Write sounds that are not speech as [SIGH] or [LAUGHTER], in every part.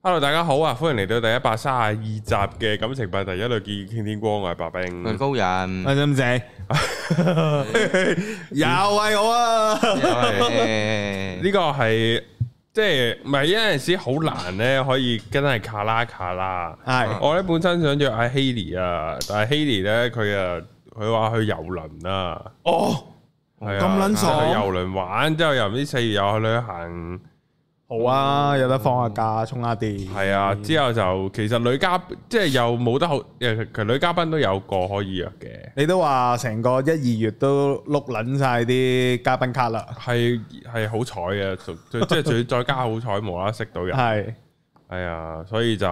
hello，大家好啊！歡迎嚟到第一百三十二集嘅《感情問題一律建議…傾天光》，我，我係白冰，高人，阿咁仔， [LAUGHS] 又係我啊！呢 [LAUGHS] 個係即係唔係？一陣時好難咧，可以跟係卡拉卡拉。係 [LAUGHS] 是我咧，本身想約阿 Hailee 啊，但係 Hailee 咧佢啊，佢話去遊輪啊。哦，咁撚去遊輪玩之後又唔知四月又去旅行。好啊，有得放下假，充下電。係啊，之後就其實女嘉即係又冇得好，其實女嘉賓都有個可以約嘅。你都話成個一二月都碌捻晒啲嘉賓卡啦。係係好彩嘅，即係仲要再加好彩，冇啦啦識到人。係係啊，所以就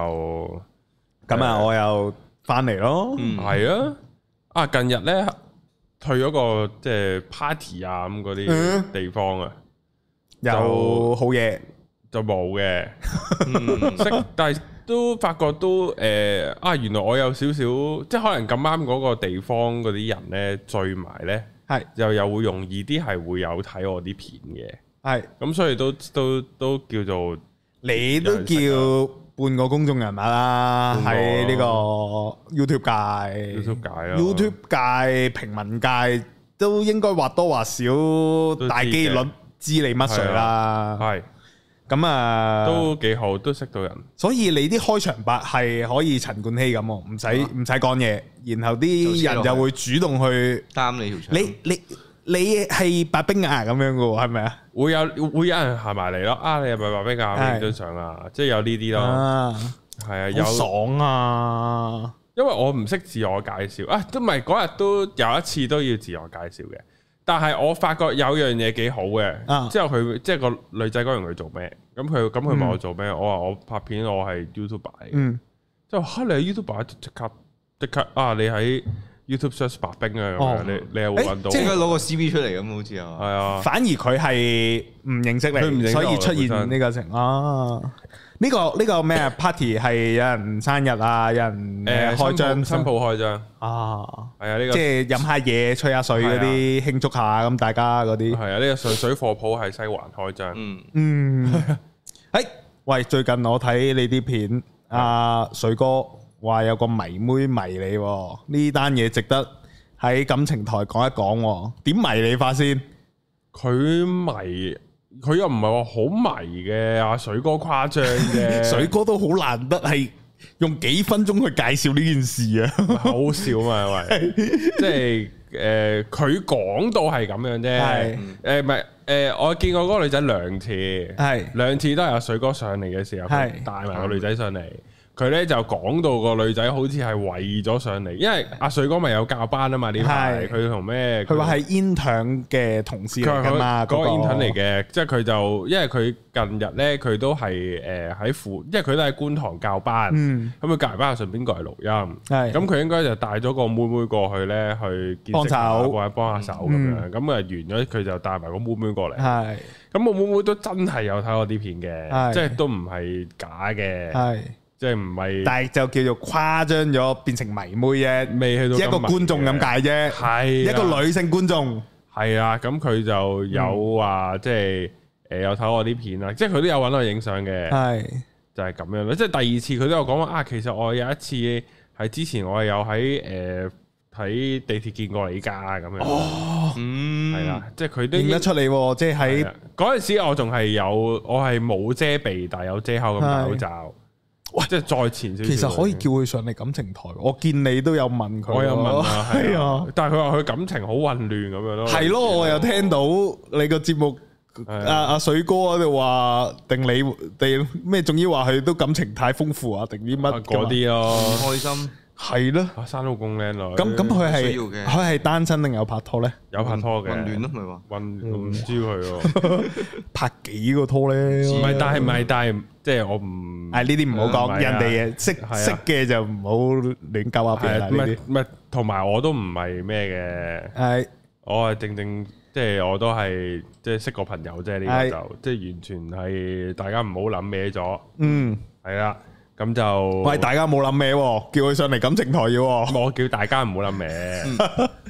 咁啊，我又翻嚟咯。係、嗯、啊，啊近日咧去咗個即係 party 啊咁嗰啲地方啊，又、嗯、就好嘢。就冇嘅，但係都發覺都誒、呃、啊，原來我有少少，即係可能咁啱嗰個地方嗰啲人咧聚埋咧，係又是又會容易啲，係會有睇我啲片嘅，係咁是所以都都都，都叫做你都叫半個公眾人物啦，喺呢個、啊、YouTube 界、YouTube 界、YouTube 界平民界都應該或多或少大機率知你乜水啦，係、啊。咁啊，都幾好，都識到人。所以你啲開場白係可以陳冠希咁喎，唔使唔使講嘢，然後啲人就會主動去擔你條。你你你係白兵呀咁樣噶喎，係咪啊？會有會有人行埋嚟咯啊！你係咪白兵呀呢張相啊？即係是、啊、有呢啲咯，係啊，有。爽啊！因為我唔識自我介紹啊，都唔係嗰日都有一次都要自我介紹嘅。但係我發覺有樣嘢幾好嘅，啊、之後佢即係個女仔嗰樣佢做咩，咁佢咁佢問我做咩，我話我拍片，我係 YouTuber 嘅，嗯、之後嚇你係 YouTuber 即刻即刻啊！你喺 YouTube search 白冰啊，你、哦、你有冇揾到？即係佢攞個 CV 出嚟咁好似啊，係啊，反而佢係唔認識你，識所以出現呢個情況。呢個呢個咩 party 係有人生日啊，有人誒開張新鋪開張啊，係啊呢個即係飲下嘢、吹下水嗰啲慶祝下咁，大家嗰啲係啊呢個水水貨鋪係西環開張，嗯嗯，誒喂，最近我睇你啲片，阿水哥話有個迷妹迷你喎，呢單嘢值得喺感情台講一講喎，點迷你法先？佢迷。佢又唔係話好迷嘅，阿水哥誇張嘅，水哥， [LAUGHS] 水哥都好難得係用幾分鐘去介紹呢件事啊， [LAUGHS] [LAUGHS] 好笑嘛，喂，即係誒，佢、呃、講到係咁樣啫，係誒是，唔係誒，我見過嗰個女仔兩次，係兩是次都係阿水哥上嚟嘅時候，係帶埋個女仔上嚟。佢咧就講到個女仔好似係為咗上嚟，因為阿水哥咪有教班啊嘛呢排，佢同咩？佢話係 intern 嘅同事嚟噶嗰個 intern 嚟嘅，即係佢就因為佢近日咧，佢都係誒喺附，因為佢都喺觀塘教班，咁佢隔籬班順便過嚟錄音，咁佢應該就帶咗個妹妹過去咧去幫手或者幫下手咁樣，咁啊完咗佢就帶埋個妹妹過嚟，咁個妹妹都真係有睇我啲片嘅，即係都唔係假嘅。即係唔係，但係就叫做誇張咗，變成迷妹啫，未去到一個觀眾咁解啫，係的一個女性觀眾，係啊，咁佢就有話、嗯、即係誒、呃，有睇我啲片啊，即係佢都有揾我影相嘅，係的就係咁樣咯。即係第二次佢都有講話啊，其實我有一次係之前我有喺誒喺地鐵見過你家，咁樣，哦，嗯，係啦，即係佢都認得出嚟，即係喺嗰陣時我仲係有，我係冇遮鼻，但係有遮口咁嘅口罩。的喂，即係再前少少。其實可以叫佢上你感情台，我見你都有問佢。我有問，係啊，啊啊但係佢話佢感情好混亂咁樣咯。係咯、啊，我又聽到你個節目，阿阿、啊啊、水哥喺度話定你定咩，仲要話佢都感情太豐富啊，定啲乜嗰啲咯。唔開心。 [LAUGHS] 係咯，生老公靚女，咁咁佢係佢係單身定有拍拖咧？有拍拖嘅，混亂咯，咪話，混亂唔知佢，拍幾個拖咧？唔係，但係唔係，但係即係我唔，哎呢啲唔好講，人哋識識嘅就唔好亂交啊！唔係唔係，同埋我都唔係咩嘅，係我係正正，即係我都係即係識個朋友啫，呢啲就即係完全係大家唔好諗歪咗，嗯，係啦。咁就喂，大家冇諗咩，叫佢上嚟感情台要喎。我叫大家唔好諗咩，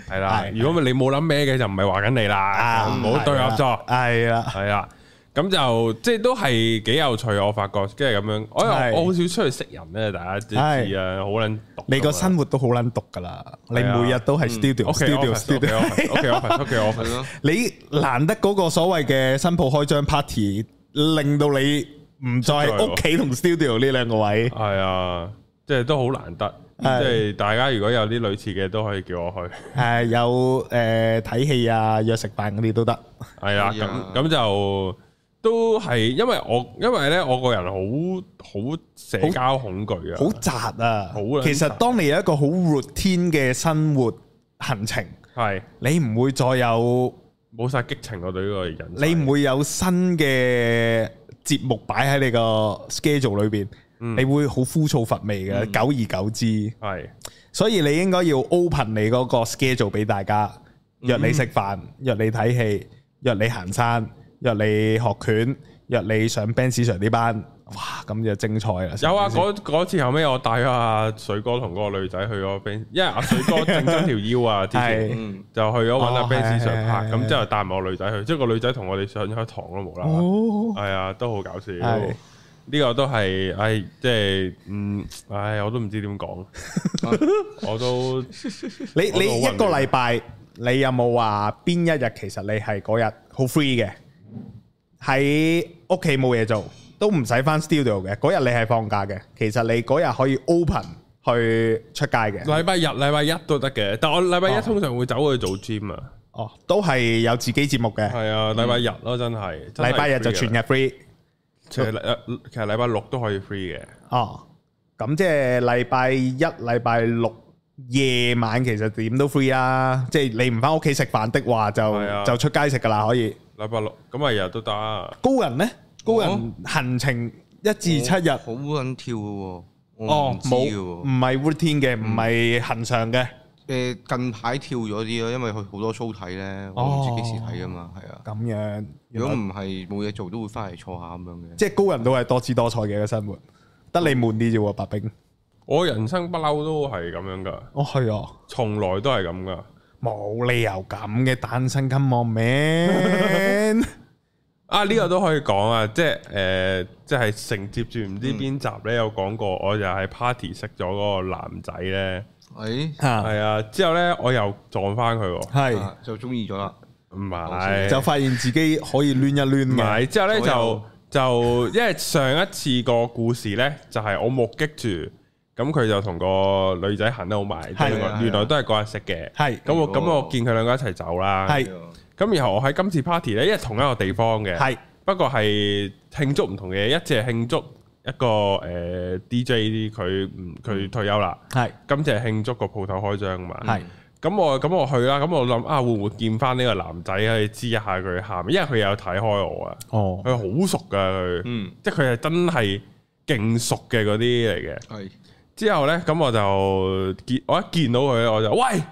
係啦。如果你冇諗咩嘅，就唔係話緊你啦。唔好對號入座。係啦，係啦。咁就即係都係幾有趣。我發覺即係咁樣。我又我好少出去識人咧，大家知啊，好撚毒。你個生活都好撚毒噶啦。你每日都係 studio，studio，studio。OK，我份，OK，我份，OK，我份。你難得嗰個所謂嘅新鋪開張 party，令到你。唔再屋企同 studio 呢兩個位，係啊，即係都好難得。嗯、即係大家如果有啲類似嘅，都可以叫我去。誒、啊，有誒睇戲啊，約食飯嗰啲都得。係啊，咁咁、哎、呀 就都係，因為我因為咧，我個人好好社交恐懼啊，好宅啊。好，其實當你有一個好 routine 嘅生活行程，係是你唔會再有冇晒激情我對呢個人，你唔會有新嘅。節目擺喺你個 schedule 裏邊，嗯、你會好枯燥乏味嘅。嗯、久而久之，係是，所以你應該要 open 你嗰個 schedule 俾大家，約你食飯，嗯、約你睇戲，約你行山，約你學拳，約你上 band 市場啲班。哇！咁就精彩啦！有啊，嗰次後尾我帶咗阿水哥同嗰個女仔去咗 band，因為阿水哥整咗條腰啊，之前就去咗搵阿 band 上拍，咁之後帶埋個女仔去，即係個女仔同我哋上咗堂都冇啦，係啊，都好搞笑。呢個都係，唉，即係，嗯，唉，我都唔知點講，我都你你一個禮拜，你有冇話邊一日，其實你係嗰日好 free 嘅，喺屋企冇嘢做。都唔使翻 studio 嘅，嗰日你係放假嘅，其實你嗰日可以 open 去出街嘅。禮拜日、禮拜一都得嘅，但係我禮拜一通常會走去做 gym 啊。哦，都係有自己節目嘅。係啊，禮拜日咯，真係禮拜日就全日 free。其實禮其實禮拜六都可以 free 嘅。哦，咁即係禮拜一、禮拜六夜晚其實點都 free 啊！即係你唔翻屋企食飯的話，就就出街食噶啦，可以。禮拜六咁啊，日日都得。高人呢？高人行程一至七日，好揾跳喎。哦，冇，唔係 working 嘅，唔係恒常嘅。誒，近排跳咗啲咯，因為佢好多 show 睇咧，我唔知幾時睇啊嘛，係啊。咁樣，如果唔係冇嘢做，都會翻嚟坐下咁樣嘅。即係高人都係多姿多彩嘅一個生活，得你悶啲啫喎，白冰。我人生不嬲都係咁樣噶，哦，係啊，從來都係咁噶，冇理由咁嘅單身 come on man。啊！呢、這個都可以講啊，即係誒、呃，即係承接住唔知邊集咧有講過，我就係 party 識咗嗰個男仔咧，係係、哎、啊，之後咧我又撞返佢，係、啊、就中意咗啦，唔係是像就發現自己可以攣一攣埋，之後咧右就就因為上一次個故事咧就係、是、我目擊住，咁佢就同個女仔行得好埋，啊、原來都係嗰日識嘅，係咁、啊、我咁、啊、我，我見佢兩個一齊走啦，係、啊。咁然後我喺今次 party 咧，因為同一個地方嘅，係是不過係慶祝唔同嘅，一隻係慶祝一個誒、呃、DJ 佢佢退休啦，係是今次係慶祝個鋪頭開張嘛，係咁是我咁我去啦，咁我諗啊會唔會見翻呢個男仔去知一下佢喊，因為佢有睇開我、哦、啊，哦，佢好熟㗎佢，嗯，即係佢係真係勁熟嘅嗰啲嚟嘅，係是之後咧，咁我就見我一見到佢我就喂。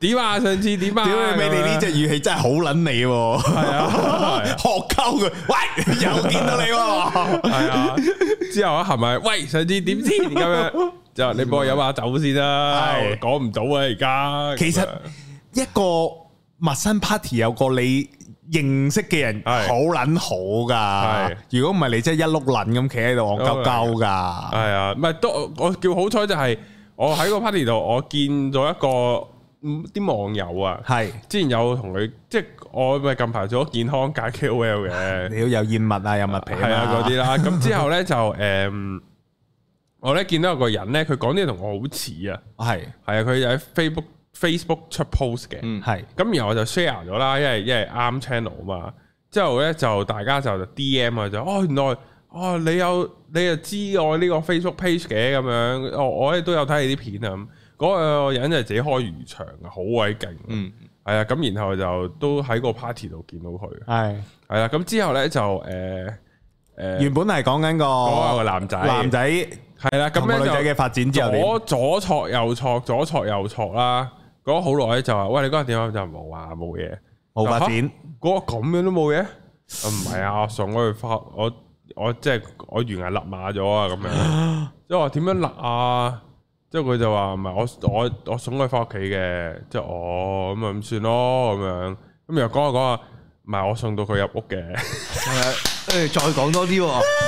點啊！上次點啊？屌你！你呢隻語氣真係好卵你，係啊，學鳩佢。喂，又見到你，係啊。之後啊，係咪？喂，上次點先咁樣？就你幫我飲下酒先啦。係講唔到啊，而家。其實一個陌生 party 有個你認識嘅人，好卵好噶。係如果唔係你真係一碌卵咁企喺度戇鳩鳩噶。係啊，唔係都我叫好彩就係我喺個 party 度，我見咗一個。啲網友啊，係是之前有同佢，即係我咪近排做咗健康戒 K O L 嘅，你要有厭物啊，有物皮啊嗰啲啦。咁之後咧就誒、嗯，我咧見到有個人咧，佢講啲嘢同我好似啊，係係啊，佢喺 Facebook Facebook 出 post 嘅，嗯，咁然後我就 share 咗啦，因為因為啱 channel 啊嘛。之後咧就大家就 D M 啊，就哦原來哦你有你又知我呢個 Facebook page 嘅咁樣，我我亦都有睇你啲片啊。嗰個人就自己開魚場啊，好鬼勁！嗯，係啊，咁然後就都喺個 party 度見到佢。係、嗯，係啦，咁之後咧就誒誒，呃、原本係講緊個男仔，男仔係啦，咁個女仔嘅發展之後，我左錯右錯，左錯右錯啦，講好耐就話：喂，你嗰日點啊？就冇話冇嘢，冇發展。嗰咁樣都冇嘢？唔係啊，我送佢發，我我即係我，即係、我原嚟立馬咗啊，咁樣即係話點樣立啊？即係佢就話唔係我我我送佢翻屋企嘅，即係我咁啊咁算咯咁樣，咁又講下講下，唔係我送到佢入屋嘅，誒 [LAUGHS] 再講多啲，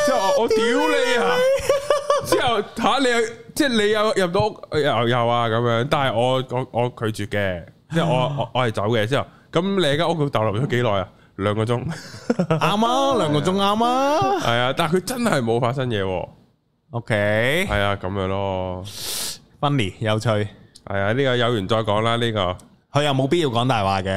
之後我屌你啊，之後吓你即係你又入到屋又又啊咁樣，但係我我我拒絕嘅，即係我我係走嘅，之後咁你間屋企逗留咗幾耐啊？兩個鐘啱啊，兩個鐘啱啊，係啊，但係佢真係冇發生嘢，ok，係啊咁樣咯。funny 有趣，係啊，呢個有緣再講啦，呢個佢又冇必要講大話嘅，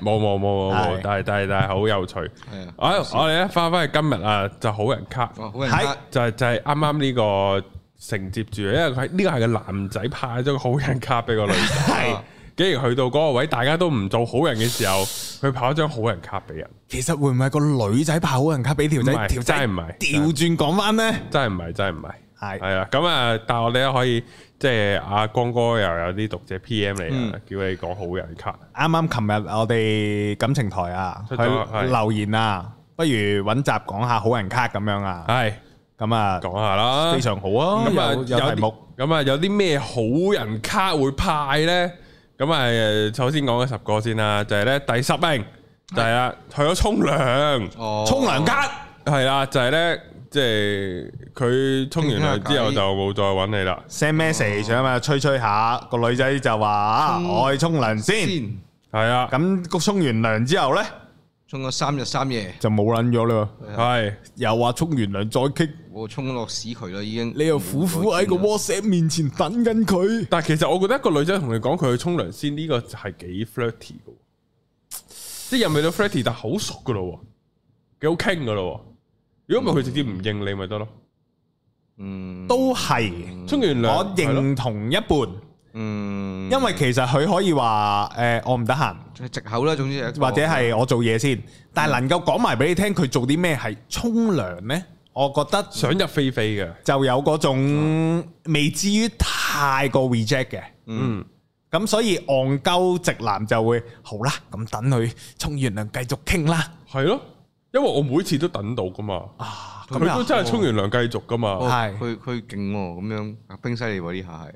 冇冇冇冇冇，但係但係但係好有趣，係啊，我哋咧翻翻去今日啊，就好人卡，好人卡就係就係啱啱呢個承接住，因為佢呢個係個男仔派咗張好人卡俾個女仔，竟然去到嗰個位大家都唔做好人嘅時候去派張好人卡俾人，其實會唔會係個女仔派好人卡俾條仔？條仔真係唔係？調轉講翻咧，真係唔係，真係唔係。係啊，咁啊，但係我哋可以即係阿光哥又有啲讀者 P M 嚟啊，叫你講好人卡。啱啱琴日我哋感情台啊，佢留言啊，不如揾集講下好人卡咁樣啊。係，咁啊，講下啦，非常好啊。咁啊，有題目，咁啊，有啲咩好人卡會派咧？咁啊，首先講咗十個先啦，就係咧第十名就係啊，去咗沖涼，沖涼卡，係啦，就係咧。即係佢沖完涼之後就冇再揾你啦。send message，哦、想咪吹吹下個女仔就話衝 我去沖涼先。係是啊，咁個沖完涼之後咧，沖咗三日三夜就冇撚咗咯。係是、啊、是又話沖完涼再傾，我沖落屎渠咯，已經你又苦苦喺個 WhatsApp 面前等緊佢。但係其實我覺得一個女仔同你講佢去沖涼先呢個係幾 flirty 嘅， [LAUGHS] 即係未到 flirty，但係好熟噶咯，幾好傾噶咯。如果唔係佢直接唔應你咪得咯，嗯，都係沖完涼，我認同一半，嗯，因為其實佢可以話誒我唔得閒，借口啦，總之或者係我做嘢先，但係能夠講埋俾你聽佢做啲咩係沖涼呢，我覺得想入非非嘅，就有嗰種未至於太過 reject 嘅，嗯，咁所以戇鳩直男就會好啦，咁等佢沖完涼繼續傾啦，係咯。因為我每次都等到噶嘛，佢、啊、都真係沖完涼繼續噶嘛，佢佢勁咁樣，阿兵犀利喎呢下係，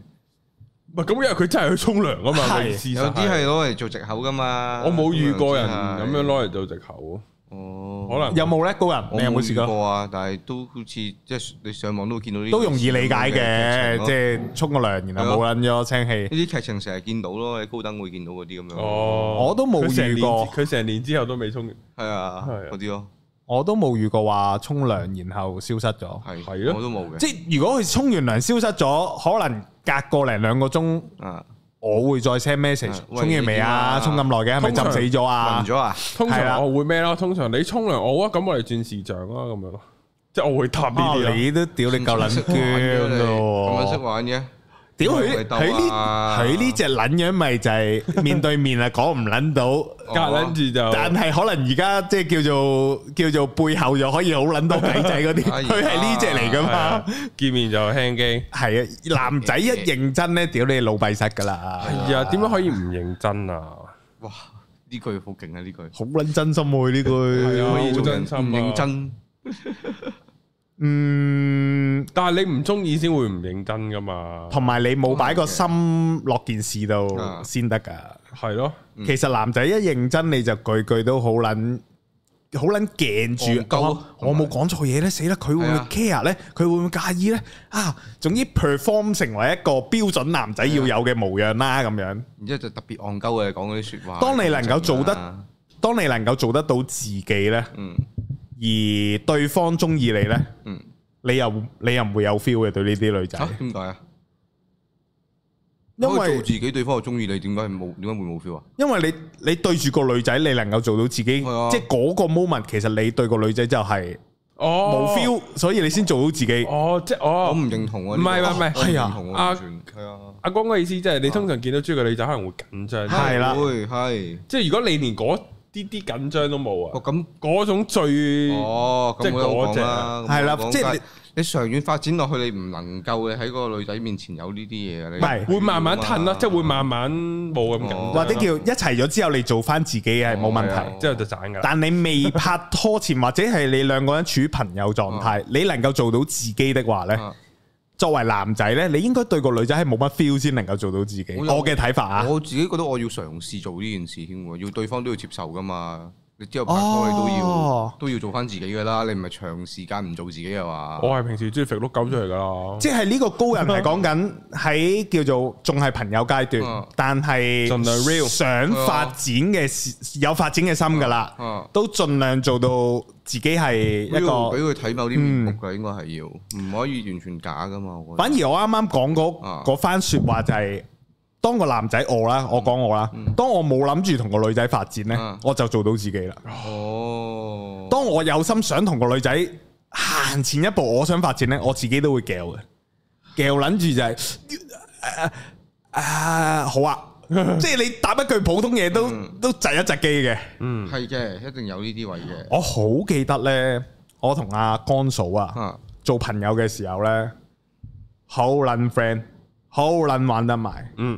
唔係咁因為佢真係去沖涼啊嘛，係有啲係攞嚟做藉口噶嘛，我冇遇過人咁樣攞嚟做藉口。哦，可能有冇咧？高人，你有冇試過啊？但係都好似即係你上網都會見到啲都容易理解嘅，即係沖個涼然後冇撚咗清氣呢啲劇情成日見到咯，喺高登會見到嗰啲咁樣。哦，我都冇遇過，佢成年之後都未沖。係啊，嗰啲咯，我都冇遇過話沖涼然後消失咗。係，係咯，我都冇。即係如果佢沖完涼消失咗，可能隔個零兩個鐘啊。我會再 send message 沖完未啊，沖咁耐嘅，係咪浸死咗啊？暈咗啊？通常我會咩咯，通常你沖涼、啊、我咁我嚟轉視像啊咁樣咯，即係我會踏啲你都、哦、屌你夠撚薑咯咁樣識玩嘅。屌佢，佢呢佢呢隻卵樣咪就係面對面啊講唔卵到，跟住就，但係可能而家即係叫做叫做背後又可以好卵到鬼仔嗰啲，佢係呢隻嚟噶嘛、啊啊？見面就輕機，係啊，男仔一認真咧，屌你老閉塞噶啦，係啊，點樣可以唔認真啊？哇，呢句好勁啊，呢句好卵真心愛、啊、呢句，好真心，認真。 [LAUGHS] 嗯，但係你唔中意先會唔認真噶嘛？同埋你冇擺個心落件事度先得噶。係咯、啊，其實男仔一認真你就句句都好捻，好捻鏡住。我冇講錯嘢咧，死啦！佢會唔會 care 咧，佢、啊、會唔會介意咧啊！總之 perform 成為一個標準男仔要有嘅模樣啦、啊，咁樣。然之後就特別戇鳩嘅講嗰啲說話。當你能夠做得，嗯、當你能夠做得到自己咧，嗯。而對方中意你咧，嗯，你又你又唔會有 feel 嘅對呢啲女仔？點解啊？因為做自己對方又中意你，點解係冇點解會冇 feel 啊？因為你你對住個女仔，你能夠做到自己，即係嗰個 moment，其實你對個女仔就係哦冇 feel，所以你先做到自己。哦，即係我我唔認同啊！唔係唔係，係啊！阿阿光嘅意思即係你通常見到中意個女仔可能會緊張，係啦，會係。即係如果你連嗰啲啲緊張都冇啊！咁嗰種最哦，即係嗰隻係啦，即係你長遠發展落去，你唔能夠嘅喺個女仔面前有呢啲嘢你唔係，會慢慢褪咯，即係會慢慢冇咁緊。或者叫一齊咗之後，你做翻自己係冇問題。之後就掙嘅。但你未拍拖前，或者係你兩個人處於朋友狀態，你能夠做到自己的話咧？作為男仔，你應該對個女仔係冇乜 feel 先能夠做到自己。我嘅有睇法啊，我自己覺得我要嘗試做呢件事先，要對方都要接受㗎嘛。你之後拍拖、哦、都要都要做翻自己噶啦，你唔係長時間唔做自己嘅話。我係平時中意肥碌狗出嚟噶啦。即係呢個高人係講緊喺叫做仲係朋友階段，啊、但係盡量想發展嘅、啊、有發展嘅心噶啦，啊啊、都盡量做到自己係一個俾佢睇某啲面目噶，應該係要唔可以完全假噶嘛。反而我啱啱講嗰番說話就係、是。啊嗯當個男仔我啦，我講我啦。當我冇諗住同個女仔發展呢，啊、我就做到自己啦。哦。當我有心想同個女仔行前一步，我想發展呢，我自己都會叫嘅。叫諗住就係、是啊啊，好啊，啊即係你答一句普通嘢都都窒一窒機嘅。嗯，係嘅，一定有呢啲位嘅。嗯、我好記得呢，我同阿光嫂啊，啊做朋友嘅時候呢，好捻 friend，好捻玩得埋。嗯。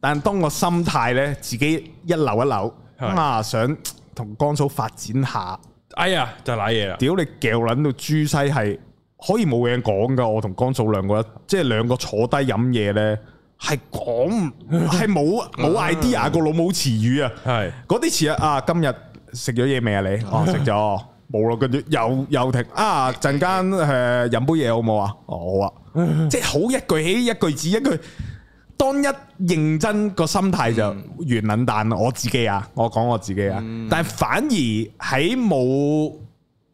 但係當我心態咧，自己一扭一扭，是啊，想同江嫂發展下，哎呀，就瀨嘢啦！屌你叫撚到豬西係，可以冇嘢講噶，我同江嫂兩個，即係兩個坐低飲嘢咧，係講唔係冇冇 idea 個老母詞語啊！係嗰啲詞啊，啊，今日食咗嘢未啊？你哦食咗冇啦，跟住又又停啊！陣間誒飲杯嘢好唔好啊？好啊，即係 [LAUGHS] 好一句起一句止一,一句。一句一句當一認真個心態就完撚，我自己啊，我講我自己啊。但係反而喺冇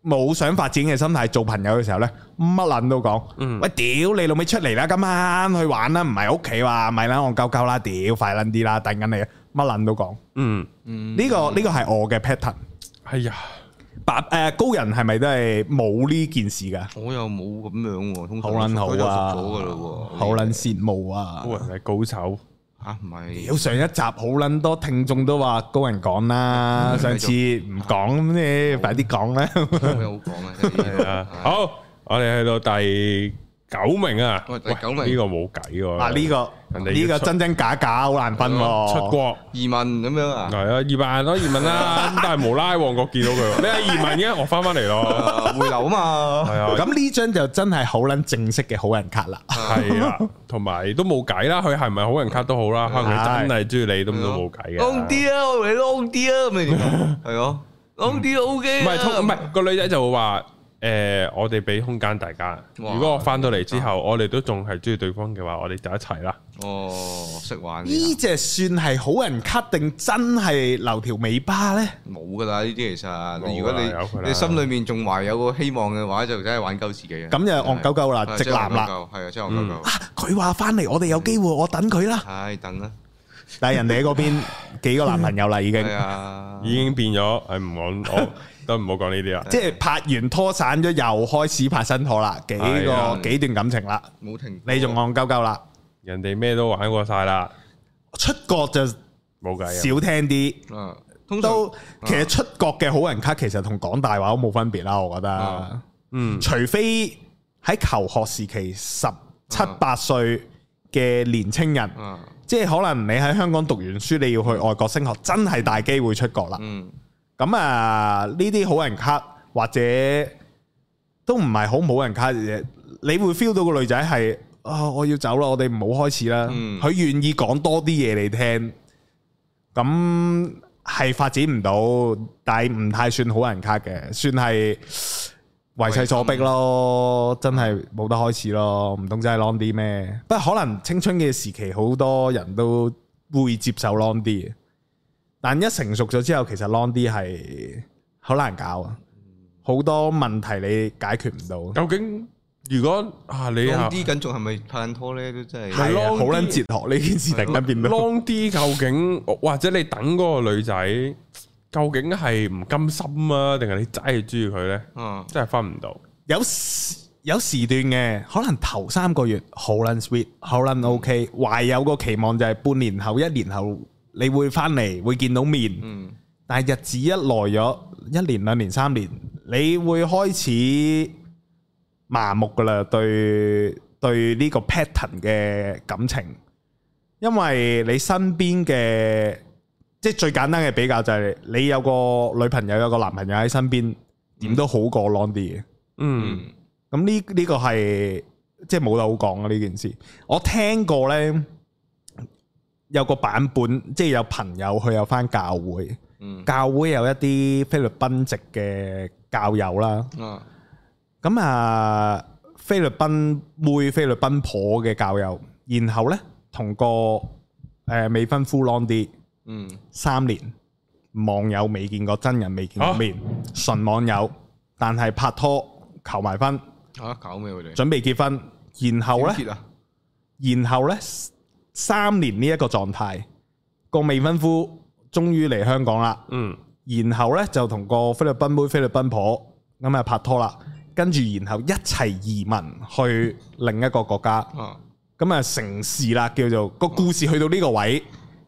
冇想發展嘅心態做朋友嘅時候呢，乜撚都講。喂，屌你老味出嚟啦，今晚去玩啦，唔係屋企話咪啦，我夠夠啦，屌快撚啲啦，等緊你，乜撚都講。嗯，呢個呢個係我嘅 pattern。哎呀。白誒、啊、高人係咪都係冇呢件事㗎？我又冇咁樣喎、啊，通常好撚好啊，啊啊好撚羨慕啊，高人係高手嚇唔係？有、啊、上一集好撚多聽眾都話高人講啦，嗯、上次唔講咁咧，嗯、你快啲講啦，好、嗯、 [LAUGHS] 好，我哋去到第。九名啊，呢個冇計嘅，嗱，呢個人哋呢個真真假假好難分。出國移民咁樣啊，係啊，移民咯，移民啦，但係無拉，旺角見到佢，你係移民嘅？我翻翻嚟咯，回流啊嘛。係啊，咁呢張就真係好捻正式嘅好人卡啦。係啊，同埋都冇計啦，佢係唔係好人卡都好啦，可能佢真係中意你咁都冇計嘅。long 啲啊，我哋 long 啲啊，咁樣係咯，long 啲 ok。唔係通唔係個女仔就會話。誒，我哋俾空間大家。如果我翻到嚟之後，我哋都仲係中意對方嘅話，我哋就一齊啦。哦，識玩。呢隻算係好人卡定真係留條尾巴咧？冇㗎啦，呢啲其實。如果你你心裏面仲懷有個希望嘅話，就真係玩鳩自己嘅。咁就戇鳩鳩啦，直男啦，係啊，真係戇鳩鳩。啊，佢話翻嚟，我哋有機會，我等佢啦。係等啦。但係人哋喺嗰邊，幾個男朋友啦，已經、哎、呀 已經變咗，誒，唔講，都唔好講呢啲啦。即係拍完拖散咗，又開始拍新拖啦，幾個、哎、呀 幾段感情啦，冇停。你仲戇鳩鳩啦，人哋咩都玩過晒啦，出國就冇計，少聽啲。都其實出國嘅好人卡，其實同講大話都冇分別啦，我覺得。嗯，除非喺求學時期十七八歲嘅年青人。哎即係可能你喺香港讀完書，你要去外國升學，真係大機會出國啦。咁、嗯、啊，呢啲好人卡或者都唔係好冇人卡嘅，你會 feel 到個女仔係啊，我要走啦，我哋唔好開始啦。佢願、嗯、意講多啲嘢你聽，咁係發展唔到，但係唔太算好人卡嘅，算係。為勢所逼咯，嗯、真係冇得開始咯，唔通真係 long 啲咩？不過可能青春嘅時期好多人都會接受 long 啲，但一成熟咗之後，其實 long 啲係好難搞啊，好多問題你解決唔到。究竟如果啊，你 long 啲緊仲係咪拍拖咧？都真係係啊，好捻 long 哲學呢件事突然間變乜？long 啲究竟 [LAUGHS] 或者你等嗰個女仔？究竟係唔甘心啊，定係你真係中意佢呢？嗯，真係分唔到。有有時段嘅，可能頭三個月好捻 sweet，好捻 OK，懷有個期望就係半年後、一年後你會翻嚟會見到面。嗯，但係日子一耐咗，一年、兩年、三年，你會開始麻木噶啦，對對呢個 pattern 嘅感情，因為你身邊嘅。即係最簡單嘅比較就係你有個女朋友有個男朋友喺身邊點、嗯、都好過 long 啲嘅，嗯，咁呢呢個係即係冇得好講啊呢件事。我聽過呢，有個版本，即係有朋友去有返教會，嗯、教會有一啲菲律賓籍嘅教友啦，咁、嗯、啊菲律賓妹菲律賓婆嘅教友，然後呢，同個誒、呃、未婚夫 long 啲。嗯，三年，網友未見過真人，未見過面，純網友，但係拍拖，求埋婚，啊，搞咩佢哋，準備結婚，啊、然後呢？啊、然後呢？三年呢一個狀態，個未婚夫終於嚟香港啦，嗯，然後呢，就同個菲律賓妹、菲律賓婆咁啊拍拖啦，跟、嗯、住然後一齊移民去另一個國家，咁啊、嗯嗯、成事啦，叫做個故事去到呢個位。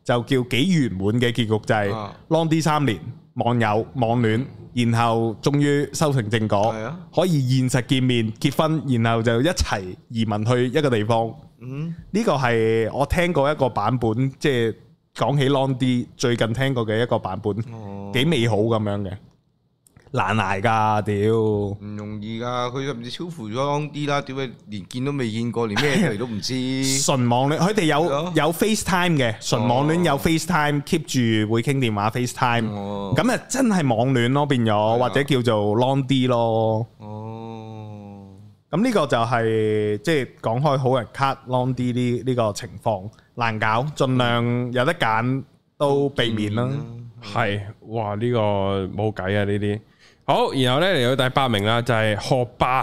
就叫幾圓滿嘅結局，就係 long D 三年網友網戀，然後終於修成正果，可以現實見面結婚，然後就一齊移民去一個地方。呢個係我聽過一個版本，即係講起 long D 最近聽過嘅一個版本，幾美好咁樣嘅。難挨噶，屌唔容易噶，佢甚至超富裝啲啦，點解連見都未見過，連咩嚟都唔知。純 [LAUGHS] 網戀，佢哋有的有 FaceTime 嘅，純網戀有 FaceTime，keep、哦、住會傾電話 FaceTime。咁 face 啊、哦，真係網戀咯，變咗、哎、呀或者叫做 long 啲咯。哦，咁呢個就係、是、即係講開好人 cut long 啲，呢呢個情況難搞，盡量有得揀都避免啦。係，哇呢個冇計啊呢啲。好，然後咧嚟到第八名啦，就係、是、學霸。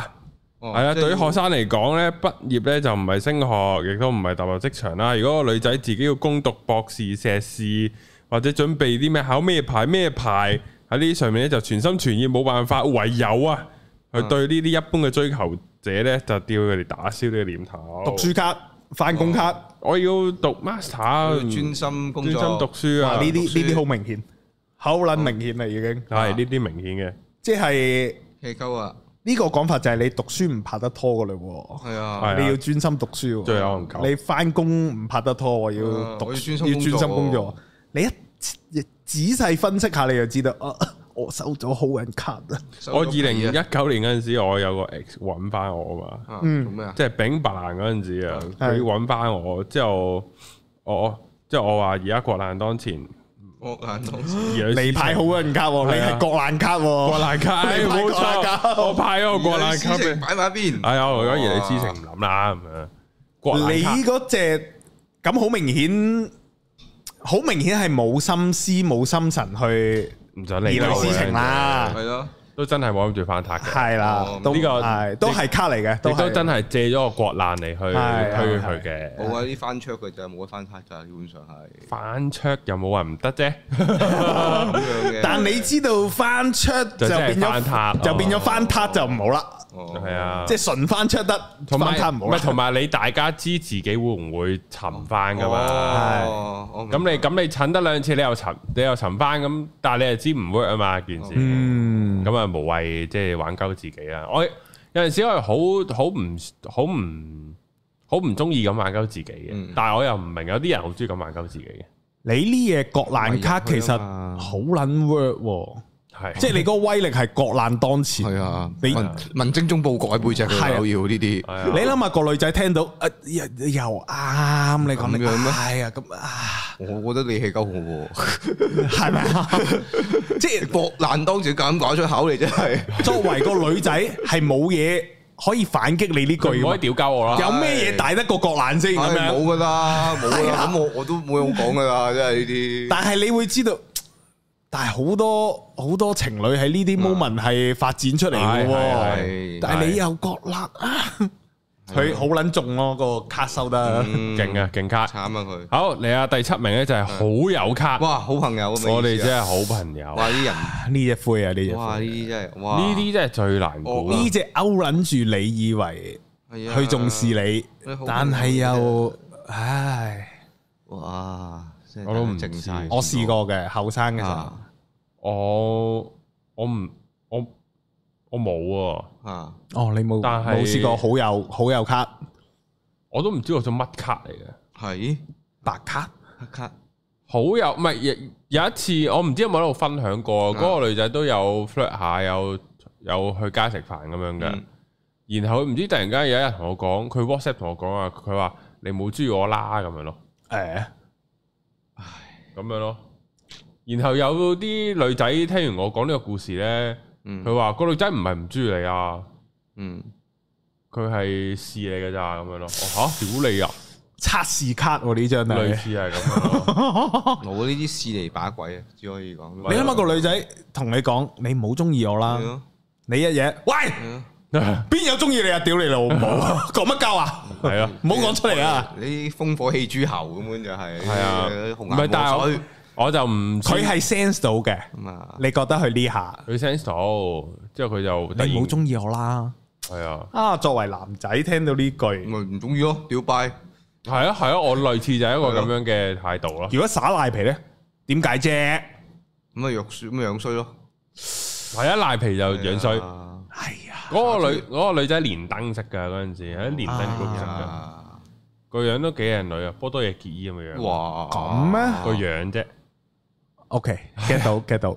係啦，對於學生嚟講咧，畢業咧就唔係升學，亦都唔係踏入職場啦。如果個女仔自己要攻讀博士、碩士，或者準備啲咩考咩牌、咩牌喺呢啲上面咧，就全心全意冇辦法，唯有啊，嗯、去對呢啲一般嘅追求者咧，就叫佢哋打消呢個念頭。讀書卡、翻工卡，哦、我要讀 Master，要專心工作，專心讀書啊！呢啲呢啲好明顯，好撚明顯啦，已經係呢啲明顯嘅。即係祈求啊！呢個講法就係你讀書唔拍得拖噶啦，係啊！你要專心讀書，最你翻工唔拍得拖，我要讀、啊、我要專心、專心工作。你一仔細分析下，你就知道啊！我收咗好人卡啦。我二零一九年嗰陣時，我有個 X 搵翻我嘛？嗯、啊，做咩啊？即係丙白爛嗰陣時啊，佢搵翻我之後，我即係我話而家國難當前。我眼同你派好人卡，啊、你係國難卡，國難卡， [LAUGHS] 你冇錯，錯我派一個國難卡。兒女之情擺埋邊？係啊、哎，如果而家兒女之情唔諗啦，咁樣哇。國你嗰隻咁好明顯，好明顯係冇心思、冇心神去唔理你私情啦，係咯、啊。都真係冇諗住翻撻嘅，係啦，呢個都係卡嚟嘅，亦都真係借咗個國難嚟去推佢嘅。冇我啲翻出，佢就冇得翻撻㗎，基本上係。翻出又冇話唔得啫？但你知道翻出就變咗就變咗翻撻就唔好啦。係啊，即係純翻出得，翻撻唔好。同埋你大家知自己會唔會沉翻㗎嘛？咁你咁你診得兩次，你又沉，你又沉翻咁，但係你又知唔 work 啊嘛？件事。咁啊。無謂即係玩鳩自己啦，我有陣時我係好好唔好唔好唔中意咁玩鳩自己嘅，嗯、但係我又唔明有啲人好中意咁玩鳩自己嘅。你呢嘢嗰撚卡其實好撚 work。即係你嗰個威力係國難當前，係啊，文文政中報改背脊，係啊，要呢啲。你諗下個女仔聽到，又又啱你咁樣咩？係啊，咁啊，我覺得你氣鳩好喎，係咪啊？即係國難當前咁講出口，你真係。作為個女仔，係冇嘢可以反擊你呢句。唔可以屌鳩我啦！有咩嘢大得過國難先？冇噶啦，冇啦。咁我我都冇用講噶啦，真係呢啲。但係你會知道。但係好多好多情侶喺呢啲 moment 係發展出嚟嘅，但係你又覺叻啊！佢好捻中咯個卡收得勁啊，勁卡慘啊佢。好嚟啊！第七名咧就係好友卡哇，好朋友我哋真係好朋友。哇！呢人呢隻灰啊，呢隻灰。哇！呢啲真係哇，呢啲真係最難估。呢隻勾撚住，你以為佢重視你，但係啊，唉哇！我都唔整晒，我試過嘅後生嘅時候，我我唔我我冇啊，哦你冇，但係冇試過好人好人卡，我都唔知我做乜卡嚟嘅，係白卡黑卡好人。唔係有一次我唔知有冇喺度分享過，嗰個女仔都有 flirt 下，有有去家食飯咁樣嘅，然後唔知突然間有一日同我講，佢 WhatsApp 同我講啊，佢話你冇中意我啦咁樣咯，誒。咁樣咯，然後有啲女仔聽完我講呢個故事咧，佢話、嗯、個女仔唔係唔中意你啊，嗯，佢係試你㗎咋咁樣咯，吓屌你啊，測試卡呢張啊，啊類似係咁樣咯，我呢啲試嚟把鬼啊，只可以講，你諗下個女仔同你講，你唔好中意我啦，你一嘢喂。邊有中意你啊！屌你老母，講乜鳩啊？係啊，唔好講出嚟啊！你啲烽火戲諸侯咁樣就係。係啊，唔係但係我就唔佢係 sense 到嘅。你覺得佢呢下佢 sense 到，之後佢就突然唔好中意我啦。係啊，啊作為男仔聽到呢句唔中意咯，屌拜。係啊係啊，我類似就係一個咁樣嘅態度咯。如果耍賴皮咧，點解啫？咁啊樣衰咁啊樣衰咯。係啊，賴皮就樣衰。係。嗰個女嗰個女仔連登識㗎，嗰陣時喺連登嗰邊嘅個樣都幾靚女啊，波多野結衣咁嘅樣。哇，咁咩個樣啫？OK，get 到 get 到，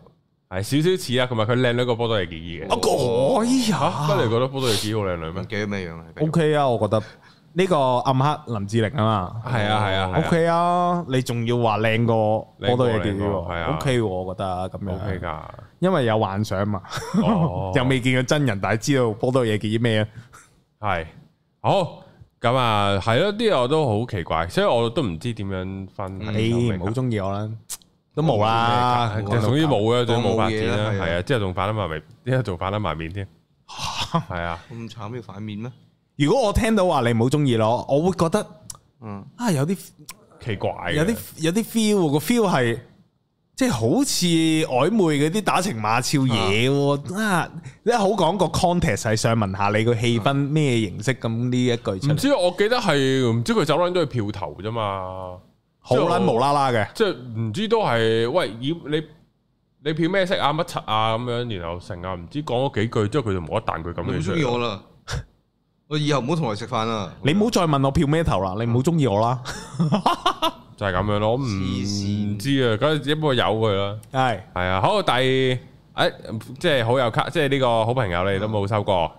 係少少似啊。同埋佢靚女過波多野結衣嘅。哦，可以啊，不過你覺得波多野結衣好靚女咩？幾咩樣 OK 啊，我覺得呢個暗黑林志玲啊嘛，係啊係啊，OK 啊。你仲要話靚過波多野結衣喎？係啊，OK 我覺得咁樣 OK 㗎。因為有幻想嘛，又未見過真人，但係知道波多嘢啲咩啊？係，好咁啊，係咯，啲我都好奇怪，所以我都唔知點樣分。你唔好中意我啦，都冇啦，總之冇嘅，都冇發展啦，係啊，之後仲反得埋面，依家仲反得埋面添，係啊，咁慘要反面咩？如果我聽到話你冇好中意我，我會覺得，嗯啊，有啲奇怪，有啲有啲 feel，個 feel 係。即係好似曖昧嗰啲打情罵俏嘢喎，啊！你、啊啊、好講個 context 係想問下你個氣氛咩、啊、形式咁呢一句唔知我記得係唔知佢走撚咗去票頭啫嘛，好撚無啦啦嘅。即係唔知都係喂，你你票咩色啊？乜柒啊？咁樣然後成日唔知講咗幾句之後來來，佢就冇一彈佢咁樣出。唔中意我啦！我以後唔好同你食飯啦！你唔好再問我票咩頭啦！你唔好中意我啦！ [LAUGHS] 就係咁樣咯，唔知啊，咁只不過有佢啦。係係啊，好第誒、哎，即係好友卡，即係呢個好朋友你哋，都冇收過。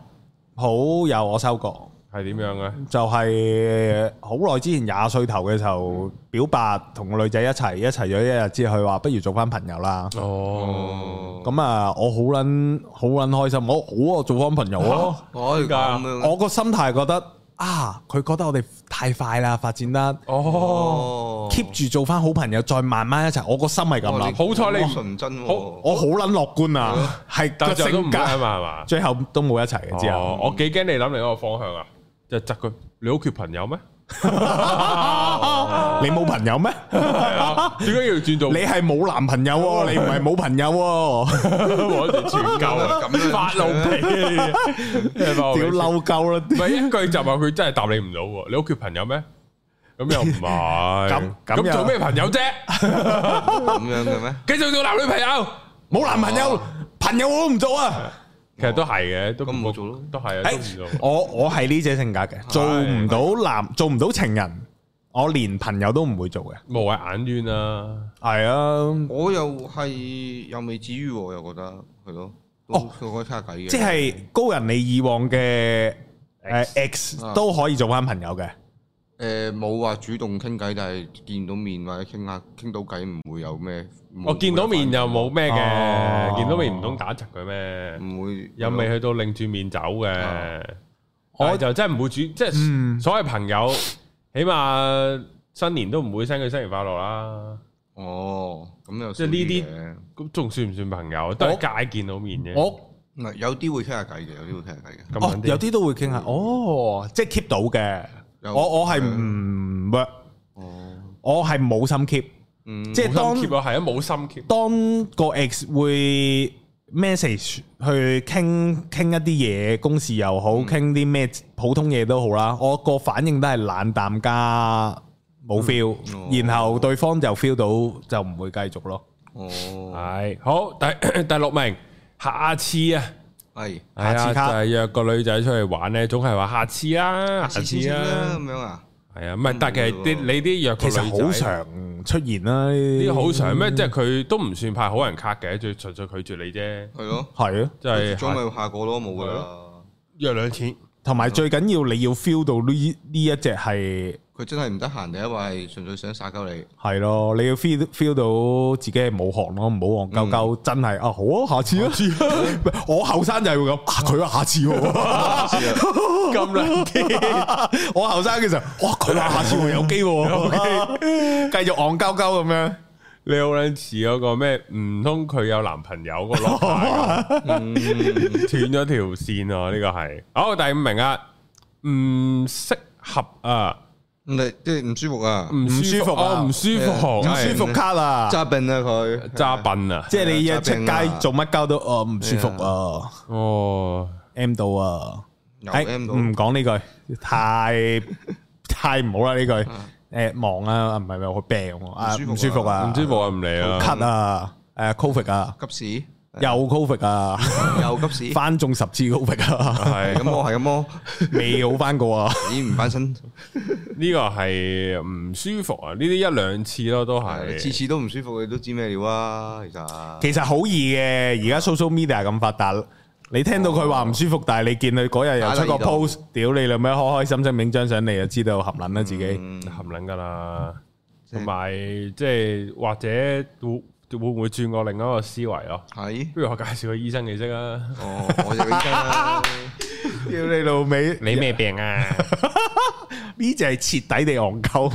好友我收過，係點樣嘅？就係好耐之前廿歲頭嘅時候、嗯、表白，同個女仔一齊，一齊咗一日之後，佢話不如做翻朋友啦。哦，咁啊、嗯，我好捻好捻開心，我好我啊，做翻朋友咯。我而家，我個心態覺得。啊！佢覺得我哋太快啦，發展得哦，keep 住做翻好朋友，再慢慢一齊。我個心係咁諗，哦、好彩你純真，我好撚樂觀啊！係、啊、是個性格啊嘛，係嘛？最後都冇一齊嘅之後！哦、我幾驚你諗另一個方向啊！就窒佢，你好缺朋友咩？你冇朋友咩？點解要轉做？你係冇男朋友，你唔係冇朋友。我哋全夠啊，咁樣發老脾，屌嬲夠啦！唔係一句就話佢真係答你唔到。你好缺朋友咩？咁又唔係咁，咁做咩朋友啫？咁樣嘅咩？繼續做男女朋友，冇男朋友，朋友我都唔做啊！其實都係嘅，都冇做咯，都係。誒，我我係呢隻性格嘅，做唔到男，做唔到情人，我連朋友都唔會做嘅，冇謂眼冤啦，係啊。我又係又未至於，我又覺得係咯。哦，我開下偈嘅，即係高人你以往嘅誒 X 都可以做翻朋友嘅。誒，冇話主動傾偈，但係見到面或者傾下傾到偈，唔會有咩。我見到面又冇咩嘅，見到面唔通打柒佢咩？唔會，又未去到擰住面走嘅，我就真係唔會主，即係所謂朋友，起碼新年都唔會 send 佢新年快樂啦。哦，咁又即係呢啲，咁仲算唔算朋友？都係街見到面嘅，我唔有啲會傾下偈嘅，有啲會傾下偈嘅。哦，有啲都會傾下，哦，即係 keep 到嘅。我我係唔 work，我係冇心 keep，即係當 keep 啊，係啊，冇心 keep。當個 ex 會 message 去傾傾一啲嘢，公事又好，傾啲咩普通嘢都好啦。我個反應都係冷淡加冇 feel，然後對方就 feel 到就唔會繼續咯。係好，第第六名下次啊。係，係啊、哎，就係約個女仔出去玩咧，總係話下次啦、啊，下次啦，咁樣啊，係啊，唔係，但係、啊、其實啲你啲約，其實好常出現啦、啊，啲好、嗯、常咩？即係佢都唔算派好人卡嘅，就純粹拒絕你啫。係咯，係啊，即係、就係，咁咪、啊、下個咯，冇噶啦，約兩天，同埋最緊要你要 feel 到呢呢一隻係。佢真係唔得閒，定係話係純粹想耍鳩你？係咯，你要 feel feel 到自己係冇學咯，唔好戇鳩鳩。嗯、真係啊，好啊，下次啊， [LAUGHS] 我後生就係會咁，佢、啊、話、啊、下次、啊，咁啦 [LAUGHS] 、啊啊 [LAUGHS] 我後生嘅時候，哇，佢話下次會有機、啊，繼、okay，續戇鳩鳩咁樣。 [LAUGHS] 你好卵似嗰個咩？唔通佢有男朋友個落、er? [LAUGHS] 嗯？斷咗條線啊，呢個係好第五名、嗯嗯、適啊，唔適合啊。你即係唔舒服啊？唔舒服，啊，唔舒服，唔舒服卡啦，揸病啊，佢，揸笨啊！即係你要出街做乜交都我唔舒服啊！哦，M 到啊，哎，唔講呢句，太太唔好啦呢句，誒，忙啊，唔係咪？我病啊，唔舒服啊，唔舒服啊，唔嚟啊，卡啊，誒，Covid 啊，急屎。又 Covid 啊，又急死，翻中十次 Covid 啊，係咁咯，係咁咯，未好翻過啊，已唔翻身，呢個係唔舒服啊，呢啲一兩次咯，都係次次都唔舒服，你都知咩料啊？其實其實好易嘅，而家 social media 咁發達，你聽到佢話唔舒服，但係你見佢嗰日又出個 post，屌你兩咩開開心心影張相你就知道合捻啦自己，合捻噶啦，同埋即係或者會唔會轉過另一個思維哦？係是不如我介紹個醫生你識啊？哦，我就醫生、啊，叫 [LAUGHS] 你老尾，你咩病啊？呢只係徹底地戇鳩，好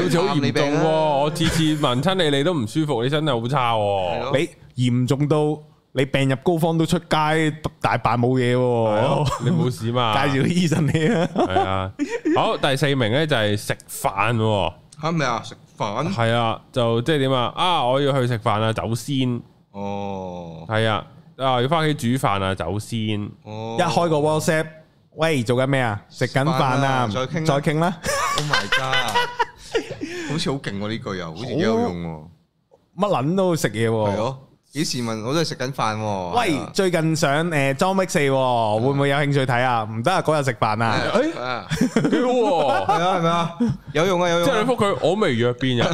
似好嚴重。 [LAUGHS] 我次次問親你，你都唔舒服，你身體好差、啊啊。你嚴重到你病入膏肓都出街，大白冇嘢。你冇事嘛？介紹啲醫生你啊。係 [LAUGHS] 啊，好第四名咧就係食飯。吓咩啊？食飯？係啊，就即係點啊？啊，我要去食飯啦，走先。哦，係啊，啊，要翻屋企煮飯啊，走先。哦，一開個 WhatsApp，喂，做緊咩啊？食緊飯啊，再傾，再傾啦。Oh my god！ [LAUGHS] 好似好勁喎呢句又，好似幾有用喎、啊。乜撚、啊、都食嘢喎。幾時問？我都係食緊飯。喂，最近上誒《Zombie 四》會唔會有興趣睇啊？唔得啊，嗰日食飯啊。誒，係啊係啊，有用啊有用。即係你覆佢，我未約邊人。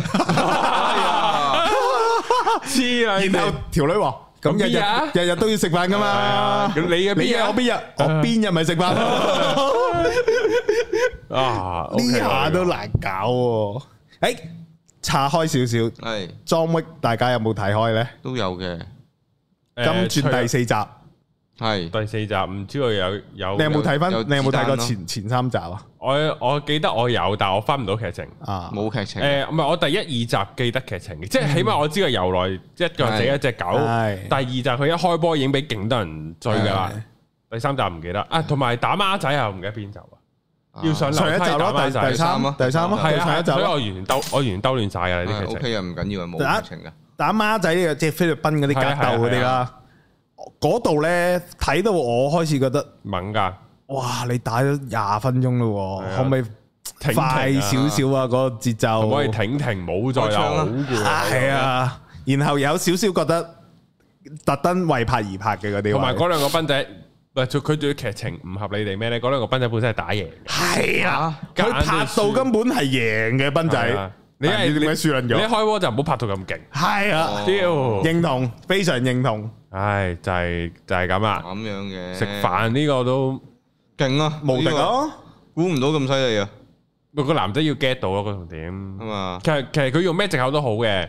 黐啦！然後條女話咁日日日日都要食飯噶嘛？你嘅邊日我邊日我邊日咪食飯咯？啊，呢下都難搞。誒。拆開少少，係莊旭，大家有冇睇開咧？都有嘅。今轉第四集，係第四集，唔知我有有。你有冇睇翻？你有冇睇過前前三集啊？我我記得我有，但係我分唔到劇情。啊，冇劇情。誒，唔係我第一二集記得劇情，即係起碼我知道由來，一腳死一隻狗。第二集佢一開波已經俾勁多人追噶啦。第三集唔記得。啊，同埋打孖仔又唔記得邊集啊？要上上一集咯，第三咯，第三咯，上一集。所以我完全兜，我完全兜亂晒啊！呢個 O K 又唔緊要，冇情嘅。打孖仔嘅，即係菲律賓嗰啲格鬥嗰啲啦。嗰度咧睇到我開始覺得猛噶。哇！你打咗廿分鐘咯，可唔可以停快少少啊？個節奏可以停停，冇再好。啊，係啊。然後有少少覺得特登為拍而拍嘅嗰啲，同埋嗰兩個賓仔。唔，佢佢啲劇情唔合理定咩咧？嗰兩個賓仔本身係打贏，係啊，佢拍到根本係贏嘅賓仔。你係你係輸一友，你一開波，就唔好拍到咁勁。係啊，認同，非常認同。唉，就係就係咁啊！咁樣嘅食飯呢個都勁啊，無敵啊，估唔到咁犀利啊！個個男仔要 get 到啊，佢同點？係嘛？其實其實佢用咩藉口都好嘅。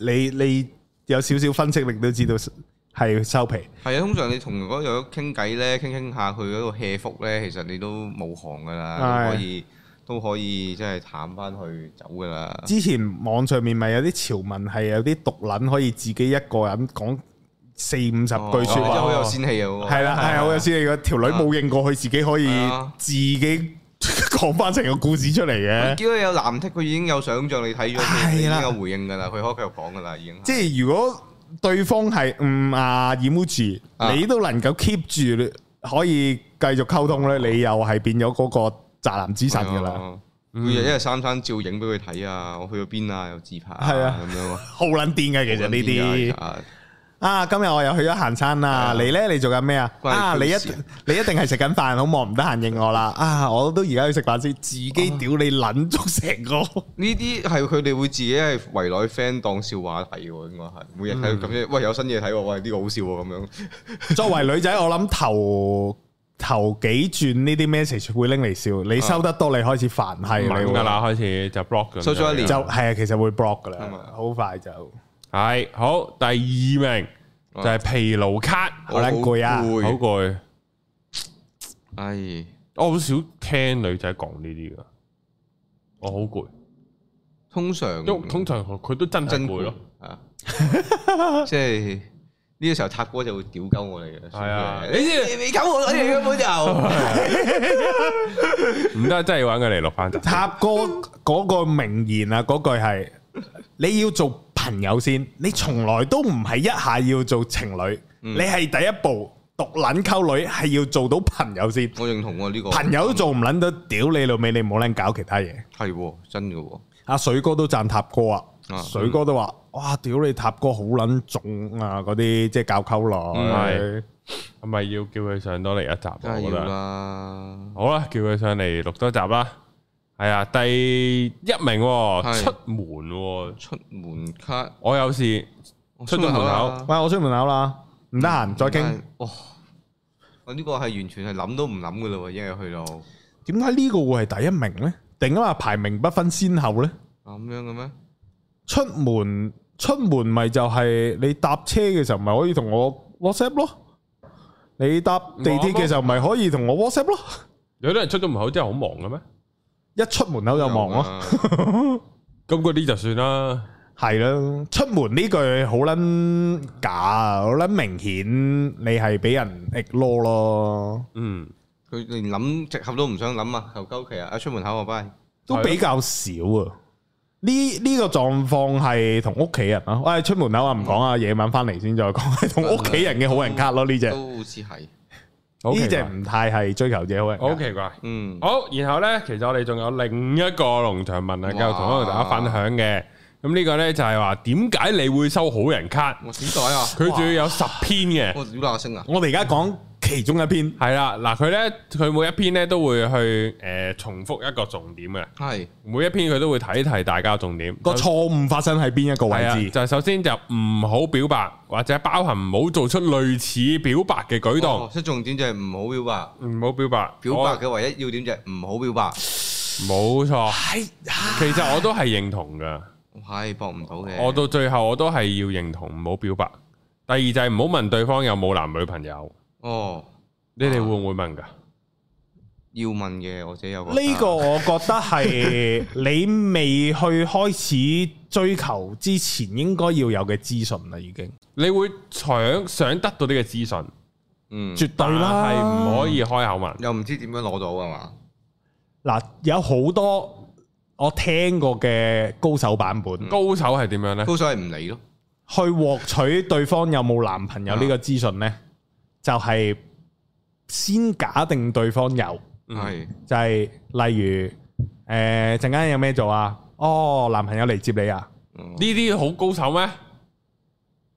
你你有少少分析力都知道係收皮。係啊，通常你同嗰樣傾偈咧，傾傾下佢嗰個氣福咧，其實你都冇行㗎喇，可以都可以真係淡返去走㗎喇。之前網上面咪有啲潮文，係有啲毒撚，可以自己一個人講四五十句説話，真係好有仙氣啊！係啦，係好有仙氣，個條女冇應過佢，自己可以自己。講翻成個故事出嚟嘅，如佢有藍剔，佢已經有想象，你睇咗佢已經有回應噶啦，佢可佢又講噶啦，已經。啊、即係如果對方係唔、嗯、啊染污住，e ji, 啊、你都能夠 keep 住，可以繼續溝通咧，啊、你又係變咗嗰個宅男之神噶啦。每日一日三餐照影俾佢睇啊，我去咗邊啊，有自拍，係啊，咁是、啊、樣好撚癲噶，其實呢啲。啊！今日我又去咗行餐啦。你咧，你做緊咩啊？啊！你一你一定係食緊飯，好忙唔得閒應我啦。啊！我都而家去食飯先，自己屌你撚足成個。呢啲係佢哋會自己係圍內 friend 當笑話睇嘅，應該係每日睇到咁樣。喂，有新嘢睇喎！喂，呢個好笑喎！咁樣。作為女仔，我諗頭頭幾轉呢啲 message 會拎嚟笑。你收得多，你開始煩係。滿噶啦，開始就 block 嘅。收咗一年就係啊，其實會 block 噶啦，好快就。係好，第二名就係疲勞卡，好攰啊，好攰。哎，我好少聽女仔講呢啲噶，我好攰。通常，因為通常佢都真真攰咯。啊，即係呢個時候，塔哥就會屌鳩我哋嘅。係啊，你你鳩我，我哋根本就唔得，真係要揾佢嚟落翻就。塔哥嗰個名言啊，嗰句係你要做朋友先，你從來都唔係一下要做情侶，嗯、你係第一步獨捻溝女係要做到朋友先。我認同喎、啊、呢、這個，朋友都做唔捻到，屌想你老味，你唔好捻搞其他嘢。係真嘅，阿水哥都讚塔哥啊，水哥都話，啊嗯、哇，屌你塔哥好捻重啊！嗰啲即係教溝佬，係咪、嗯嗯、要叫佢上多嚟一集啊？我覺得好啦，叫佢上嚟錄多集啦。係啊，第一名，出門，出門卡，我有事出咗門口，喂，我出門口啦，唔得閒再傾。哦，我呢個係完全係諗都唔諗噶咯，因為去到點解呢個會係第一名呢？定啊嘛，排名不分先後呢。咁樣嘅咩？出門出門咪就係你搭車嘅時候咪可以同我 WhatsApp 咯？你搭地鐵嘅時候咪可以同我 WhatsApp 咯？有啲人出咗門口真係好忙嘅咩？一出門口就忙咯，咁嗰啲就算啦，係咯，出門呢句好捻假啊，好捻明顯你係俾人搣囉咯，嗯，佢連諗借口都唔想諗啊，求求其啊，一出門口啊，拜，都比較少啊，呢呢個狀況係同屋企人啊，喂出門口啊唔講啊，夜晚翻嚟先再講，係同屋企人嘅好人卡咯呢隻，都似係。呢隻唔太係追求者好，好奇怪。嗯，好。然後咧，其實我哋仲有另一個農場文啊，夠同一個大家分享嘅。咁呢個咧就係話，點解你會收好人卡？我點解啊？佢仲要有十篇嘅。我點解升啊？我哋而家講。其中一篇係啦，嗱佢呢，佢每一篇呢都會去誒、呃、重複一個重點嘅，係是的 每一篇佢都會睇一睇大家重點，個錯誤發生喺邊一個位置？就是、首先就唔好表白，或者包含唔好做出類似表白嘅舉動。出重點就係唔好表白，唔好表白。表白嘅唯一要點就係唔好表白，冇錯。係的其實我都係認同噶，係博唔到嘅。我到最後我都係要認同唔好表白。第二就係唔好問對方有冇男女朋友。哦，oh, 你哋會唔會問噶？要問嘅，或者有呢個，我覺得係你未去開始追求之前，應該要有嘅資訊啦。已經你會想想得到呢個資訊，嗯，絕對啦，係唔可以開口問，嗯，又唔知點樣攞到㗎嘛？嗱，有好多我聽過嘅高手版本，嗯，高手係點樣呢？高手係唔理咯，去獲取對方有冇男朋友呢個資訊呢。就係先假定對，方有，係是、嗯、就係、是、例如誒陣間有咩做啊？哦，男朋友嚟接你啊？呢啲好高手咩？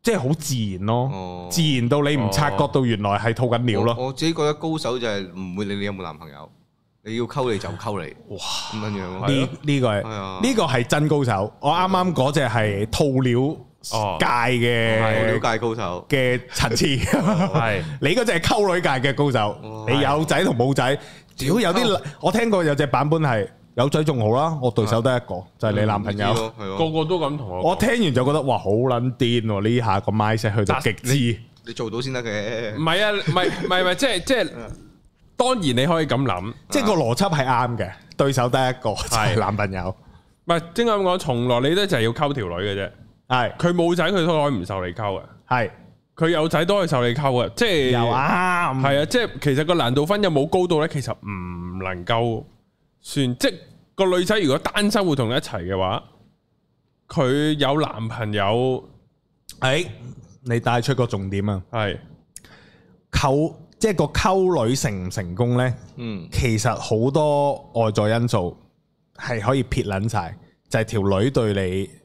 即係好自然咯、啊，哦、自然到你唔察覺到原來係套緊料咯。我自己覺得高手就係唔會理你有冇男朋友，你要溝你就溝你。哇咁樣呢呢、啊、這了個係呢、哎、呀個係真高手。我啱啱嗰隻係套料。界嘅了解高手嘅層次，係你嗰只係溝女界嘅高手。你有仔同冇仔，如果有啲，我聽過有隻版本係有仔仲好啦。我對手得一個，就係你男朋友。個個都咁同我講。我聽完就覺得哇，好撚癲！呢下個咪聲去到極致，你做到先得嘅。唔係啊，唔係唔係唔係，即係即係，當然你可以咁諗，即係個邏輯係啱嘅。對手得一個，係男朋友。唔係，即係咁講，從來你都就係要溝條女嘅啫。係佢冇仔，佢都可以唔受你溝嘅。係佢有仔，都可以受你溝嘅。即係又啱，係啊、嗯、啊！即係其實個難度分有冇高度呢？其實唔能夠算。即係個女仔如果單身會同你一齊嘅話，佢有男朋友，誒是，你帶出個重點啊！係溝是，即係個溝女成唔成功呢？嗯，其實好多外在因素係可以撇捻晒，就係、是、條女對你。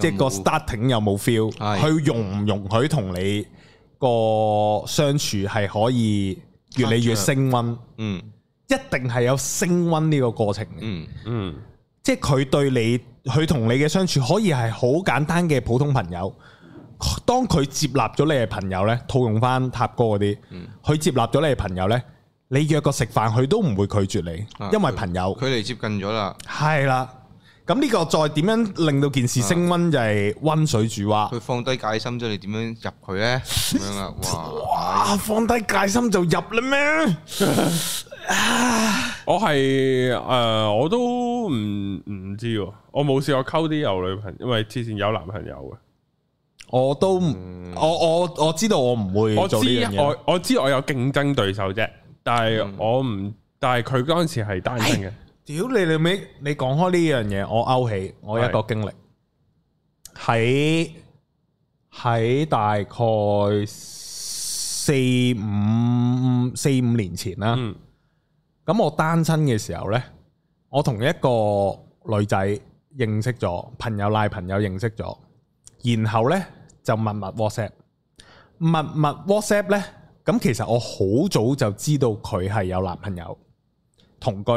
即係個 starting 有冇 feel？佢容唔容許同你個相處係可以越嚟越升溫、嗯嗯？嗯，一定係有升溫呢個過程。嗯嗯，即係佢對你，佢同你嘅相處可以係好簡單嘅普通朋友。當佢接納咗你嘅朋友呢，套用翻塔哥嗰啲，佢接納咗你嘅朋友呢，你約個食飯，佢都唔會拒絕你，因為朋友佢哋、啊、接近咗啦，係啦。咁呢個再點樣令到件事升溫，就係溫水煮蛙、啊。佢放低戒心咗，你點樣入佢咧？咁樣啦，哇！哇放低戒心就入啦咩？ [LAUGHS] 我係誒、呃，我都唔唔知，我冇試過溝啲有女朋友，因為之前有男朋友嘅。都、嗯。我都我我我知道我唔會做呢樣嘢我我知，我，我，知我有競爭對手啫，但係我唔，嗯，但係佢嗰陣時係單身嘅。屌你你妹你講開呢樣嘢，我勾起我一個經歷，喺喺的大概四五四五年前啦。咁、嗯、我單身嘅時候呢，我同一個女仔認識咗，朋友拉朋友認識咗，然後呢就密密 WhatsApp，密密 WhatsApp 呢，咁其實我好早就知道佢係有男朋友同居。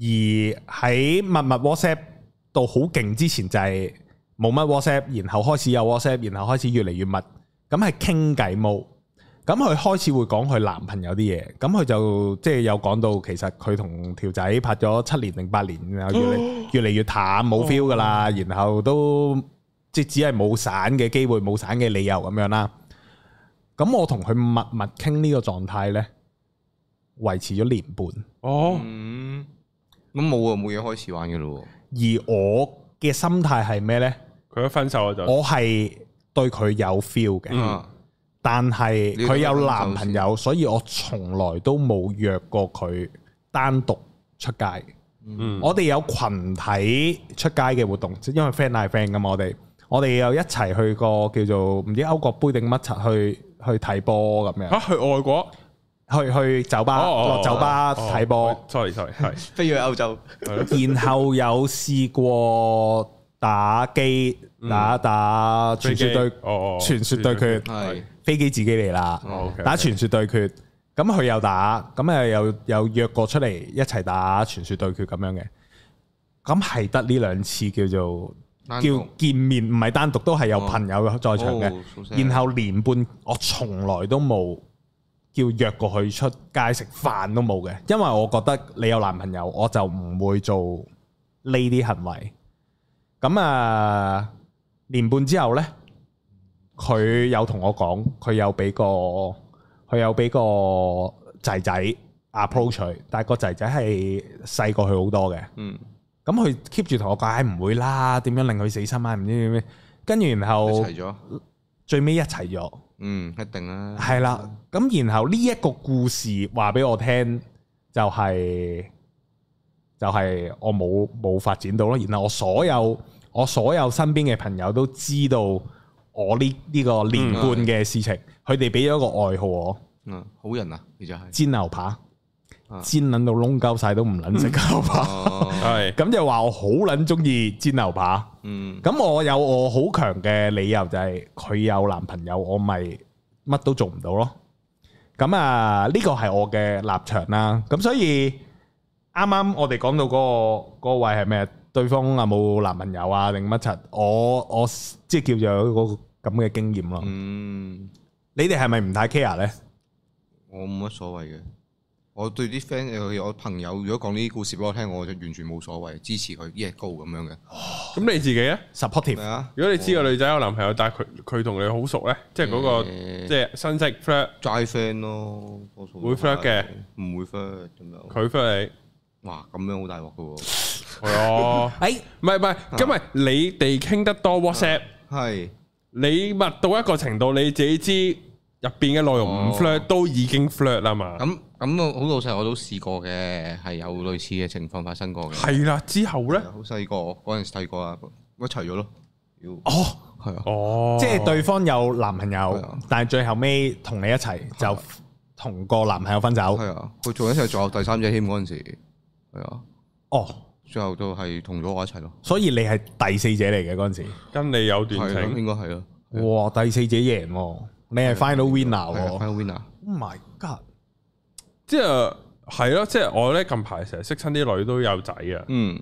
而喺密密 WhatsApp 到好勁之前，就係冇乜 WhatsApp，然後開始有 WhatsApp，然後開始越嚟越密。咁係傾偈冇，咁佢開始會講佢男朋友啲嘢。咁佢就即係有講到其實佢同條仔拍咗七年定八年，然後越嚟越嚟越淡，冇 feel 噶啦。然後都即只係冇散嘅機會，冇散嘅理由咁樣啦。咁我同佢密密傾呢個狀態呢，維持咗年半。哦。嗯咁冇啊，冇嘢開始玩嘅咯。而我嘅心態係咩咧？佢一分手我就我係對佢有 feel 嘅，嗯、但係佢有男朋友，所以我從來都冇約過佢單獨出街。嗯，我哋有群體出街嘅活動，因為 friend 係 friend 㗎嘛。我哋我哋又一齊去個叫做唔知歐國杯定乜柒去去睇波咁樣。嚇、啊，去外國？去去酒吧落，哦、酒吧睇波，sorry sorry，係飛去歐洲。 [LAUGHS] 然後有試過打機打打傳說對哦，傳說對決係飛機自己嚟啦。打傳說對決，咁佢又打，咁啊又有約過出嚟一齊打傳說對決咁樣嘅。咁係得呢兩次叫做獨叫見面，唔係單獨，都係有朋友在場嘅。哦哦、然後連半我從來都冇。叫約過佢出街食飯都冇嘅，因為我覺得你有男朋友，我就唔會做呢啲行為。咁啊，年半之後呢，佢有同我講，佢有俾個佢有俾個仔仔 approach 但係個仔仔係細過佢好多嘅。嗯，咁佢 keep 住同我講唔會啦，點樣令佢死心啊？唔知咩？跟住然後，齊咗？最尾一齊咗。嗯，一定啦、啊。係啦，咁然後呢一個故事話俾我聽，就係、是、就係、是、我冇冇發展到咯。然後我所有我所有身邊嘅朋友都知道我呢呢、這個連貫嘅事情，佢哋俾咗個外號我。嗯，好人啊，你就係、是、煎牛扒。煎捻到窿鳩晒都唔捻食牛扒，係咁就話我好捻中意煎牛扒。咁我有我好強嘅理由就係佢有男朋友，我咪乜都做唔到咯。咁啊呢個係我嘅立場啦。咁所以啱啱我哋講到嗰個嗰位係咩？對方啊冇男朋友啊定乜柒？我我即係叫做嗰個咁嘅經驗咯。嗯，你哋係咪唔太 care 咧？我冇乜所謂嘅。我對啲 friend 我朋友，如果講呢啲故事俾我聽，我就完全冇所謂，支持佢 yes 高咁樣嘅。咁你自己咧 s u p p o r t 啊？如果你知我女仔有男朋友，但係佢佢同你好熟咧，即係嗰個即係新戚 flirt 齋 friend 咯，會 flirt 嘅，唔會 f l i r 咁樣。佢 flirt 你，哇，咁樣好大鑊嘅喎，係啊，誒唔係唔係，因為你哋傾得多 WhatsApp 係你物到一個程度，你自己知入邊嘅內容唔 flirt 都已經 flirt 啦嘛，咁。咁我好老實，我都試過嘅，係有類似嘅情況發生過嘅。係啦，之後咧？好細個，嗰陣時細個啊，我一齊咗咯。哦，係啊，哦，即係對方有男朋友，但係最後尾同你一齊，就同個男朋友分手。係啊，佢做緊一齊仲有第三者牽嗰陣時，係啊，哦，最後都係同咗我一齊咯。所以你係第四者嚟嘅嗰陣時，跟你有段情應該係啊。哇，第四者贏，你係 final winner，final winner。Oh my god！即係係咯，即係我咧近排成日識親啲女都有仔啊！嗯，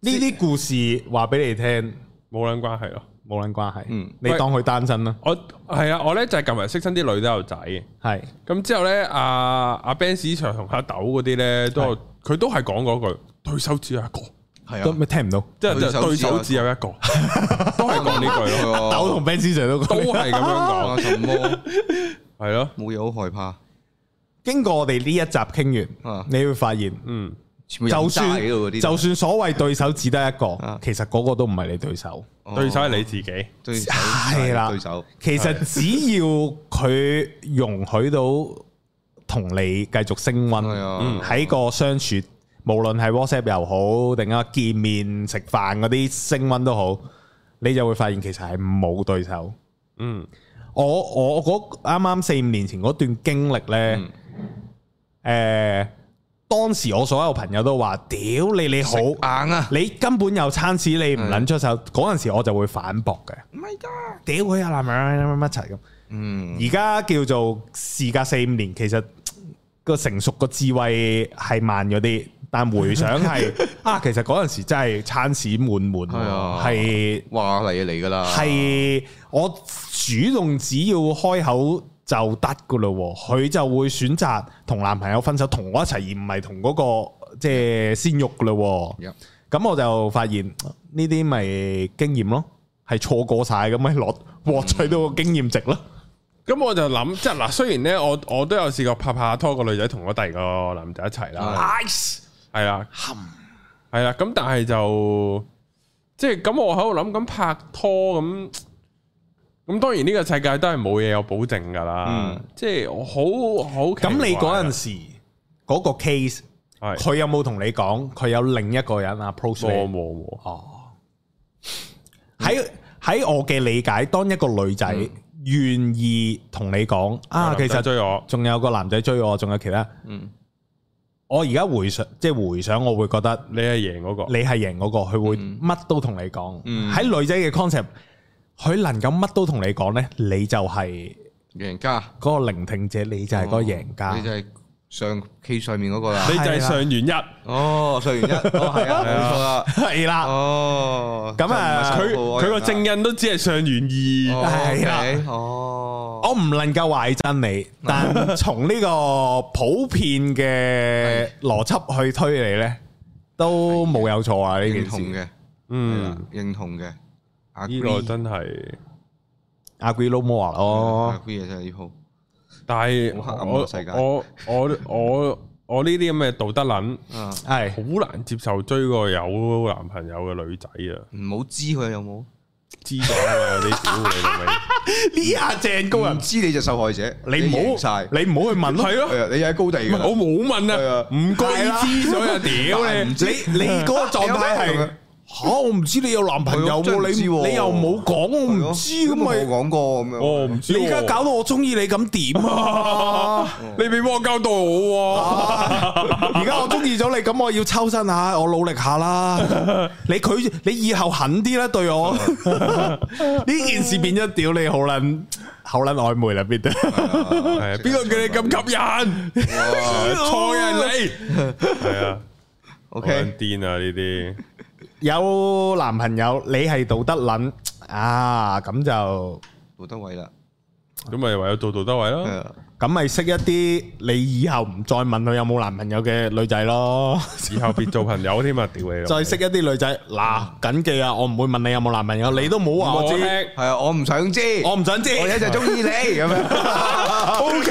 呢啲故事話俾你聽，冇撚關係咯，冇撚關係。嗯，你當佢單身啦。我係啊，我咧就係近排識親啲女都有仔嘅，係。咁之後咧，阿阿 Ben Sir 同阿豆嗰啲咧，都佢都係講嗰句對手只有一個，係啊，咩聽唔到？即係對手只有一個，都係講呢句咯。豆同 Ben Sir 都句都係咁樣講，什麼係咯？冇嘢。 [LAUGHS] 好害怕。經過我哋呢一集傾完，啊、你會發現，嗯，就算就算所謂對手只得一個，啊、其實嗰個都唔係你對手，哦、對手係你自己，係啦，對手其實只要佢容許到同你繼續升溫，喺、 [LAUGHS] 嗯、個相處，無論係 WhatsApp 又好，定啊見面食飯嗰啲升溫都好，你就會發現其實係冇對手。嗯，我我啱啱四五年前嗰段經歷呢。嗯誒，當時我所有朋友都話，屌你你好硬啊！你根本有餐屎，你唔撚出手。嗰陣、嗯、時我就會反駁嘅。唔係㗎，屌佢啊，咁樣一齊咁。嗯，而家叫做事隔四五年，其實個成熟個智慧係慢咗啲，但回想係 [LAUGHS] 啊，其實嗰陣時真係餐屎滿滿，係呦是哇，嚟嚟噶啦，係我主動只要開口。就得噶啦，佢就會選擇同男朋友分手，同我一齊而唔係同嗰個即係先喐噶啦。咁、就是、Yeah. 我就發現呢啲咪經驗咯，係錯過晒咁咪攞獲取到個經驗值咯。咁、嗯、 [LAUGHS] 我就諗即係嗱，雖然咧我我都有試過拍拍拖，個女仔同我第二個男仔一齊啦，Nice，係啦，係啦，咁但係就即係咁，我喺度諗緊拍拖咁。咁當然呢個世界都係冇嘢有保證噶啦，即係好好。咁你嗰陣時嗰個 case，佢有冇同你講佢有另一個人 approach？冇喺喺我嘅理解，當一個女仔願意同你講，啊，其實追我，仲有個男仔追我，仲有其他。嗯，我而家回想，即係回想，我會覺得你係贏嗰個，你係贏嗰個，佢會乜都同你講。喺女仔嘅 concept。佢能夠乜都同你講咧，你就係贏家。嗰個聆聽者，你就係嗰個贏家。你就係上 K 上面嗰個啦。你就係上元一哦，上元一係啊，冇錯啦，係啦。哦，咁啊，佢佢個證人都只係上元二係啦。哦，我唔能夠話係真理，但從呢個普遍嘅邏輯去推理咧，都冇有錯啊。呢件事認同嘅，嗯，認同嘅。呢個真係阿 gree no more 咯，哦，阿 gree 真係要好，但係我我我我我呢啲咁嘅道德捻，係好難接受追個有男朋友嘅女仔啊！唔好知佢有冇知咗啊嘛？呢，阿鄭高人，唔知你就受害者，你唔好晒，你唔好去問咯，係咯，你又喺高地，我冇問啊，唔該啦，知咗啊，屌你，你你嗰個狀態係。吓，我唔知你有男朋友，你你又冇講，我唔知咁咪。我冇講過，我唔知。你而家搞到我中意你咁點啊？你未幫我交代我。而家我中意咗你，咁我要抽身下，我努力下啦。你佢你以後狠啲啦，對我呢件事變咗屌你，好捻好捻曖昧啦，邊得？邊個叫你咁吸引？錯呀你，係啊。O K，癲啊呢啲。有男朋友，你係道德捻啊，咁就道德位啦。咁咪唯有做道德位咯。咁咪識一啲你以後唔再問佢有冇男朋友嘅女仔咯。事後別做朋友添啊，屌你！再識一啲女仔，嗱，謹記啊，我唔會問你有冇男朋友，你都唔好話我知。係啊，我唔想知，我唔想知，我一直中意你咁樣。O K。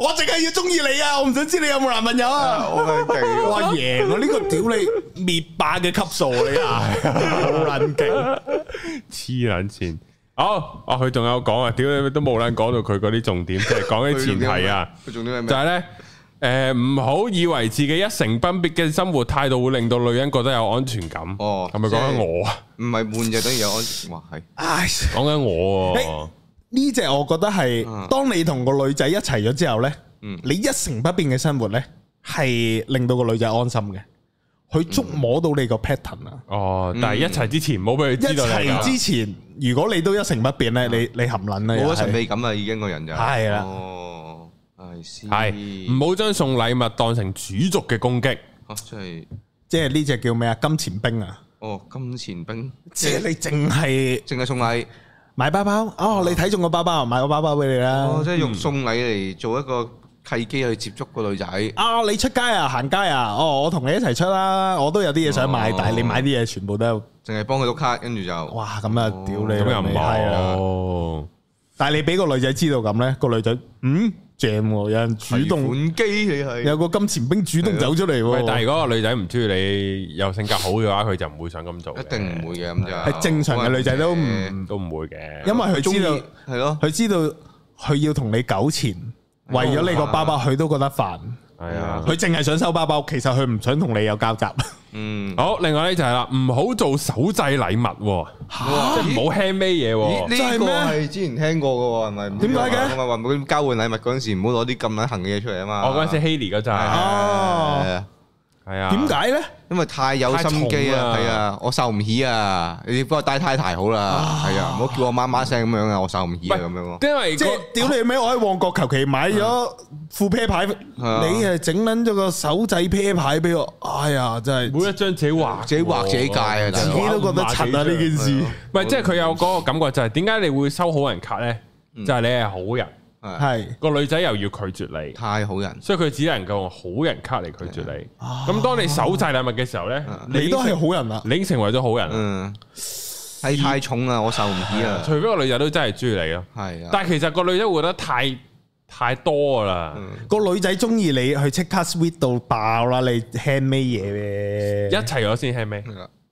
我淨係要中意你啊！我唔想知你有冇男朋友啊！我贏我呢個屌你滅霸嘅級數你啊，好撚勁，黐撚線！好，啊佢仲有講啊，屌你都冇撚講到佢嗰啲重點，即係講起前提啊。佢重點係咩？就係咧，誒，唔好以為自己一成不變嘅生活態度會令到女人覺得有安全感。哦，係咪講緊我啊？唔係換就等於有安，哇係，講緊我。呢隻我覺得係，當你同個女仔一齊咗之後咧，你一成不變嘅生活呢，係令到個女仔安心嘅。佢捉摸到你個 pattern 啊、嗯。哦，嗯，但係一齊之前唔好俾佢知，一齊之前，如果你都一成不變呢，嗯，你你含卵啦。冇咗神秘感啦，是已家個人就係啦，係係唔好將送禮物當成主軸嘅攻擊。哦就是，即係呢隻叫咩啊？金錢兵啊？哦，金錢兵，即係你淨係淨係送禮。買包包哦，你睇中個包包，買個包包俾你啦。哦，即係用送禮嚟做一個契機去接觸個女仔、嗯。啊，你出街啊，行街啊，哦，我同你一齊出啦、啊，我都有啲嘢想買，哦、但係你買啲嘢全部都淨係幫佢碌卡，跟住就哇，咁、哦、啊，屌、哦、你咁又唔係啊？但係你俾個女仔知道咁咧，個女仔嗯？正喎，有人主動，有個金錢兵主動走出嚟喎。但係如果個女仔唔中意你，又性格好嘅話，佢就唔會想咁做。一定唔會嘅。咁樣係，係正常嘅女仔都唔都唔會嘅。因為佢知道係咯，佢知道佢要同你糾纏，為咗你個八百，佢都覺得煩。係啊，佢淨係想收包包，其實佢唔想同你有交集。嗯，好，另外咧就係啦，唔好做手製禮物，即係唔好 handmade 嘢。呢個係之前聽過嘅，係咪？點解嘅？咁啊，為咗交換禮物嗰陣時，唔好攞啲咁難行嘅嘢出嚟啊嘛。我嗰陣時 Hailee 嗰陣。哦。係啊，點解咧？因為太有心機啊。係啊，我受唔起啊！你幫我戴太太好啦，係啊，唔好叫我媽媽聲咁樣啊，我受唔起啊咁樣。因為即係屌你咩？我喺旺角求其買咗副啤牌，你係整捻咗個手仔啤牌俾我，哎呀，真係每一張自己畫，自己畫自己界啊，自己都覺得沉啊呢件事。唔係，即係佢有嗰個感覺，就係點解你會收好人卡咧？就係你係好人。係個女仔又要拒絕你，太好人，所以佢只能夠用好人卡嚟拒絕你。咁當你手製禮物嘅時候呢，你都係好人啦，你已經成為咗好人啦。係太重啦，我受唔起啊！除非個女仔都真係中意你咯。係啊，但係其實個女仔活得太太多啦。個女仔中意你，去即刻 sweet 到爆啦，你傾咩嘢？一齊咗先傾咩？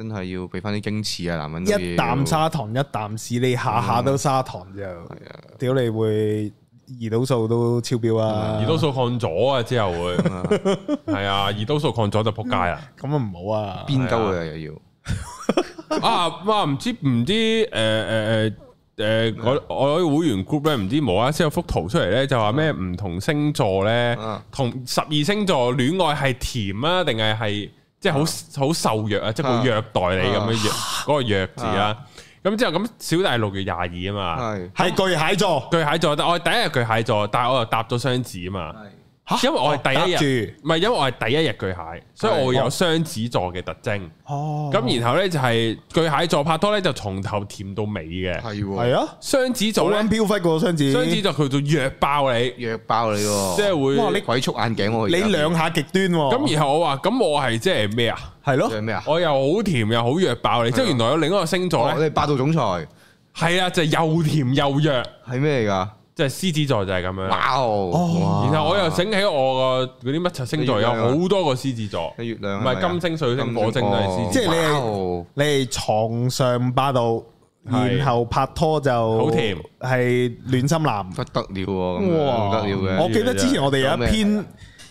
真係要俾翻啲矜持啊，男人！一啖砂糖，一啖屎，你下下都砂糖就，屌你，會胰島素都超標啊！胰島素抗咗啊，之後會係啊，胰島素抗咗就撲街啦！咁啊唔好啊，邊溝啊又要啊嘛？唔知唔知誒誒誒誒，我我啲會員 group 咧，唔知冇啦啦有幅圖出嚟咧，就話咩唔同星座咧，同十二星座戀愛係甜啊，定係係？即係好好受，啊、虐，啊！即係好虐待你咁樣弱個弱字啦。咁之後咁小大陸六月廿二啊嘛，係是那巨蟹座，巨蟹座。我第一日巨蟹座，但係我又搭咗雙子啊嘛。因為我係第一日，住，唔係，因為我係第一日巨蟹，所以我會有雙子座嘅特徵。哦，咁然後咧就係巨蟹座拍拖咧就從頭甜到尾嘅，係係啊，雙子座咁飄忽雙子，雙子座佢就弱爆你，弱爆你，即係會哇，鬼畜眼鏡，你兩下極端。咁然後我話，咁我係即係咩啊？係咯，咩啊？我又好甜又好弱爆你，即係原來有另一個星座，我哋霸道總裁，係啊，就又甜又弱，係咩嚟噶？即係獅子座就係咁樣，然後我又醒起我個嗰啲乜柒星座有好多個獅子座，月亮，唔係金星、水星、火星都係獅子座，即係你係你係床上霸道，然後拍拖就好甜，係暖心男不得了咁，不得了嘅。我記得之前我哋有一篇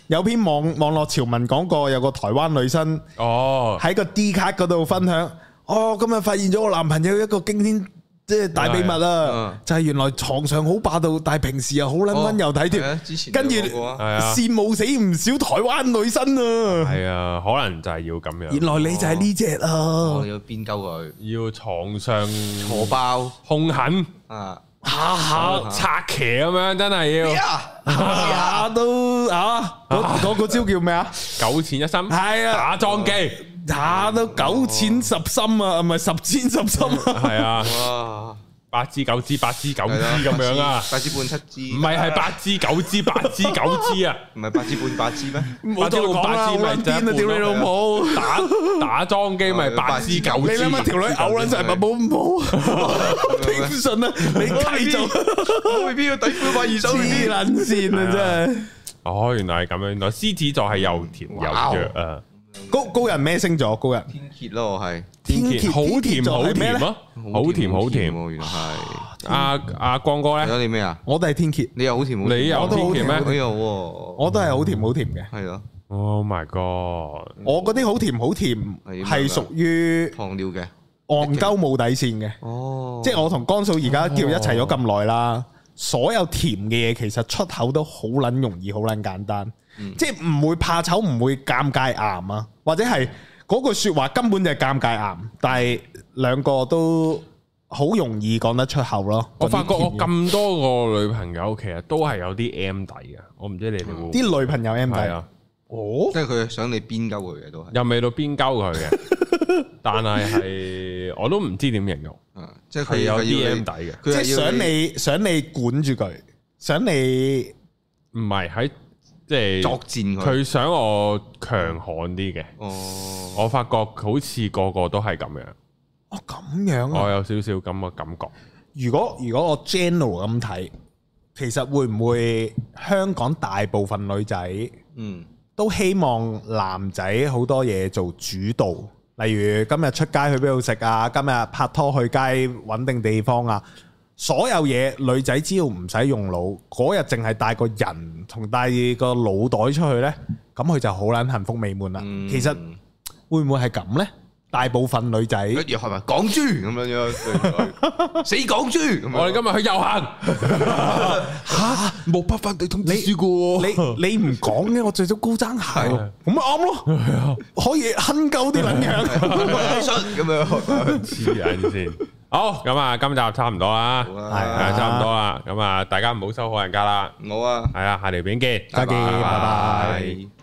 有篇網網絡潮文講過，有個台灣女生哦喺個 Dcard 嗰度分享，哦今日發現咗我男朋友一個驚天。即係大秘密啊！就係原來床上好霸道，但係平時又好撚溫柔體貼，跟住羨慕死唔少台灣女生啊！係啊，可能就係要咁樣。原來你就係呢隻啊！我要邊鳩佢，要床上荷包兇狠啊，下下拆旗咁樣，真係要下都啊嗰嗰招叫咩啊？九淺一深，係啊，打樁機。打到九千十心啊，唔係十千十心啊，係啊，八支九支八支九支咁樣啊，八支半七支，唔係係八支九支八支九支啊，唔係八支半八支咩？八支半八支咪真啊？屌你老母打打樁機咪八支九，你諗下條女嘔卵晒咪冇唔好？聽唔信啊？你睇就，未必要抵半百二手耳輪線啊！真係，哦，原來係咁樣，原來獅子座係又甜又弱啊。高高人咩星座？高人天蠍咯，我係天蠍，好甜好甜咯，好甜好甜，原來係阿阿光哥咧，你有啲咩啊？我都係天蠍，你又好甜你又天蠍咩？哎呀，我都係好甜好甜嘅，係咯。Oh my god！我嗰啲好甜好甜，係屬於糖尿嘅，憨鳩冇底線嘅。哦，即係我同江嫂而家叫一齊咗咁耐啦，所有甜嘅嘢其實出口都好捻容易，好捻簡單。即係唔會怕醜，唔會尷尬癌啊，或者係嗰句說話根本就係尷尬癌，但係兩個都好容易講得出口咯。我發覺我咁多個女朋友，其實都係有啲 M 底嘅。我唔知你哋啲、嗯、女朋友 M 底啊？哦，即係佢想你邊鳩佢嘅都係，又未到邊鳩佢嘅， [LAUGHS] 但係係我都唔知點形容即係是佢有啲 M 底嘅，即係想你想你管住佢，想你唔係喺。即係作戰，佢想我強悍啲嘅。Oh. 我發覺好似個個都係咁樣。哦、oh, 啊，咁樣我有少少咁嘅感覺。如果如果我 general 咁睇，其實會唔會香港大部分女仔，嗯，都希望男仔好多嘢，做主導，例如今日出街去邊度食啊，今日拍拖去街搵定地方啊。所有嘢女仔只要唔使用腦，嗰日淨係帶個人同帶個腦袋出去咧，咁佢就好捻幸福美滿啦。嗯、其實會唔會係咁咧？大部分女仔，又係咪講豬咁樣樣？死講豬！我哋今日去遊行，吓冇北北地通知嘅，你你唔講嘅，我着咗高踭鞋，咁 [LAUGHS] 是啊啱咯，可以慳夠啲能量，咁樣黐線先。 [LAUGHS] 好，咁啊，今集差唔多啦，差唔多啦，咁啊，好啊，大家唔好收好人卡啦，唔好啊，係啊，下條片見，再見，拜拜。拜拜拜拜。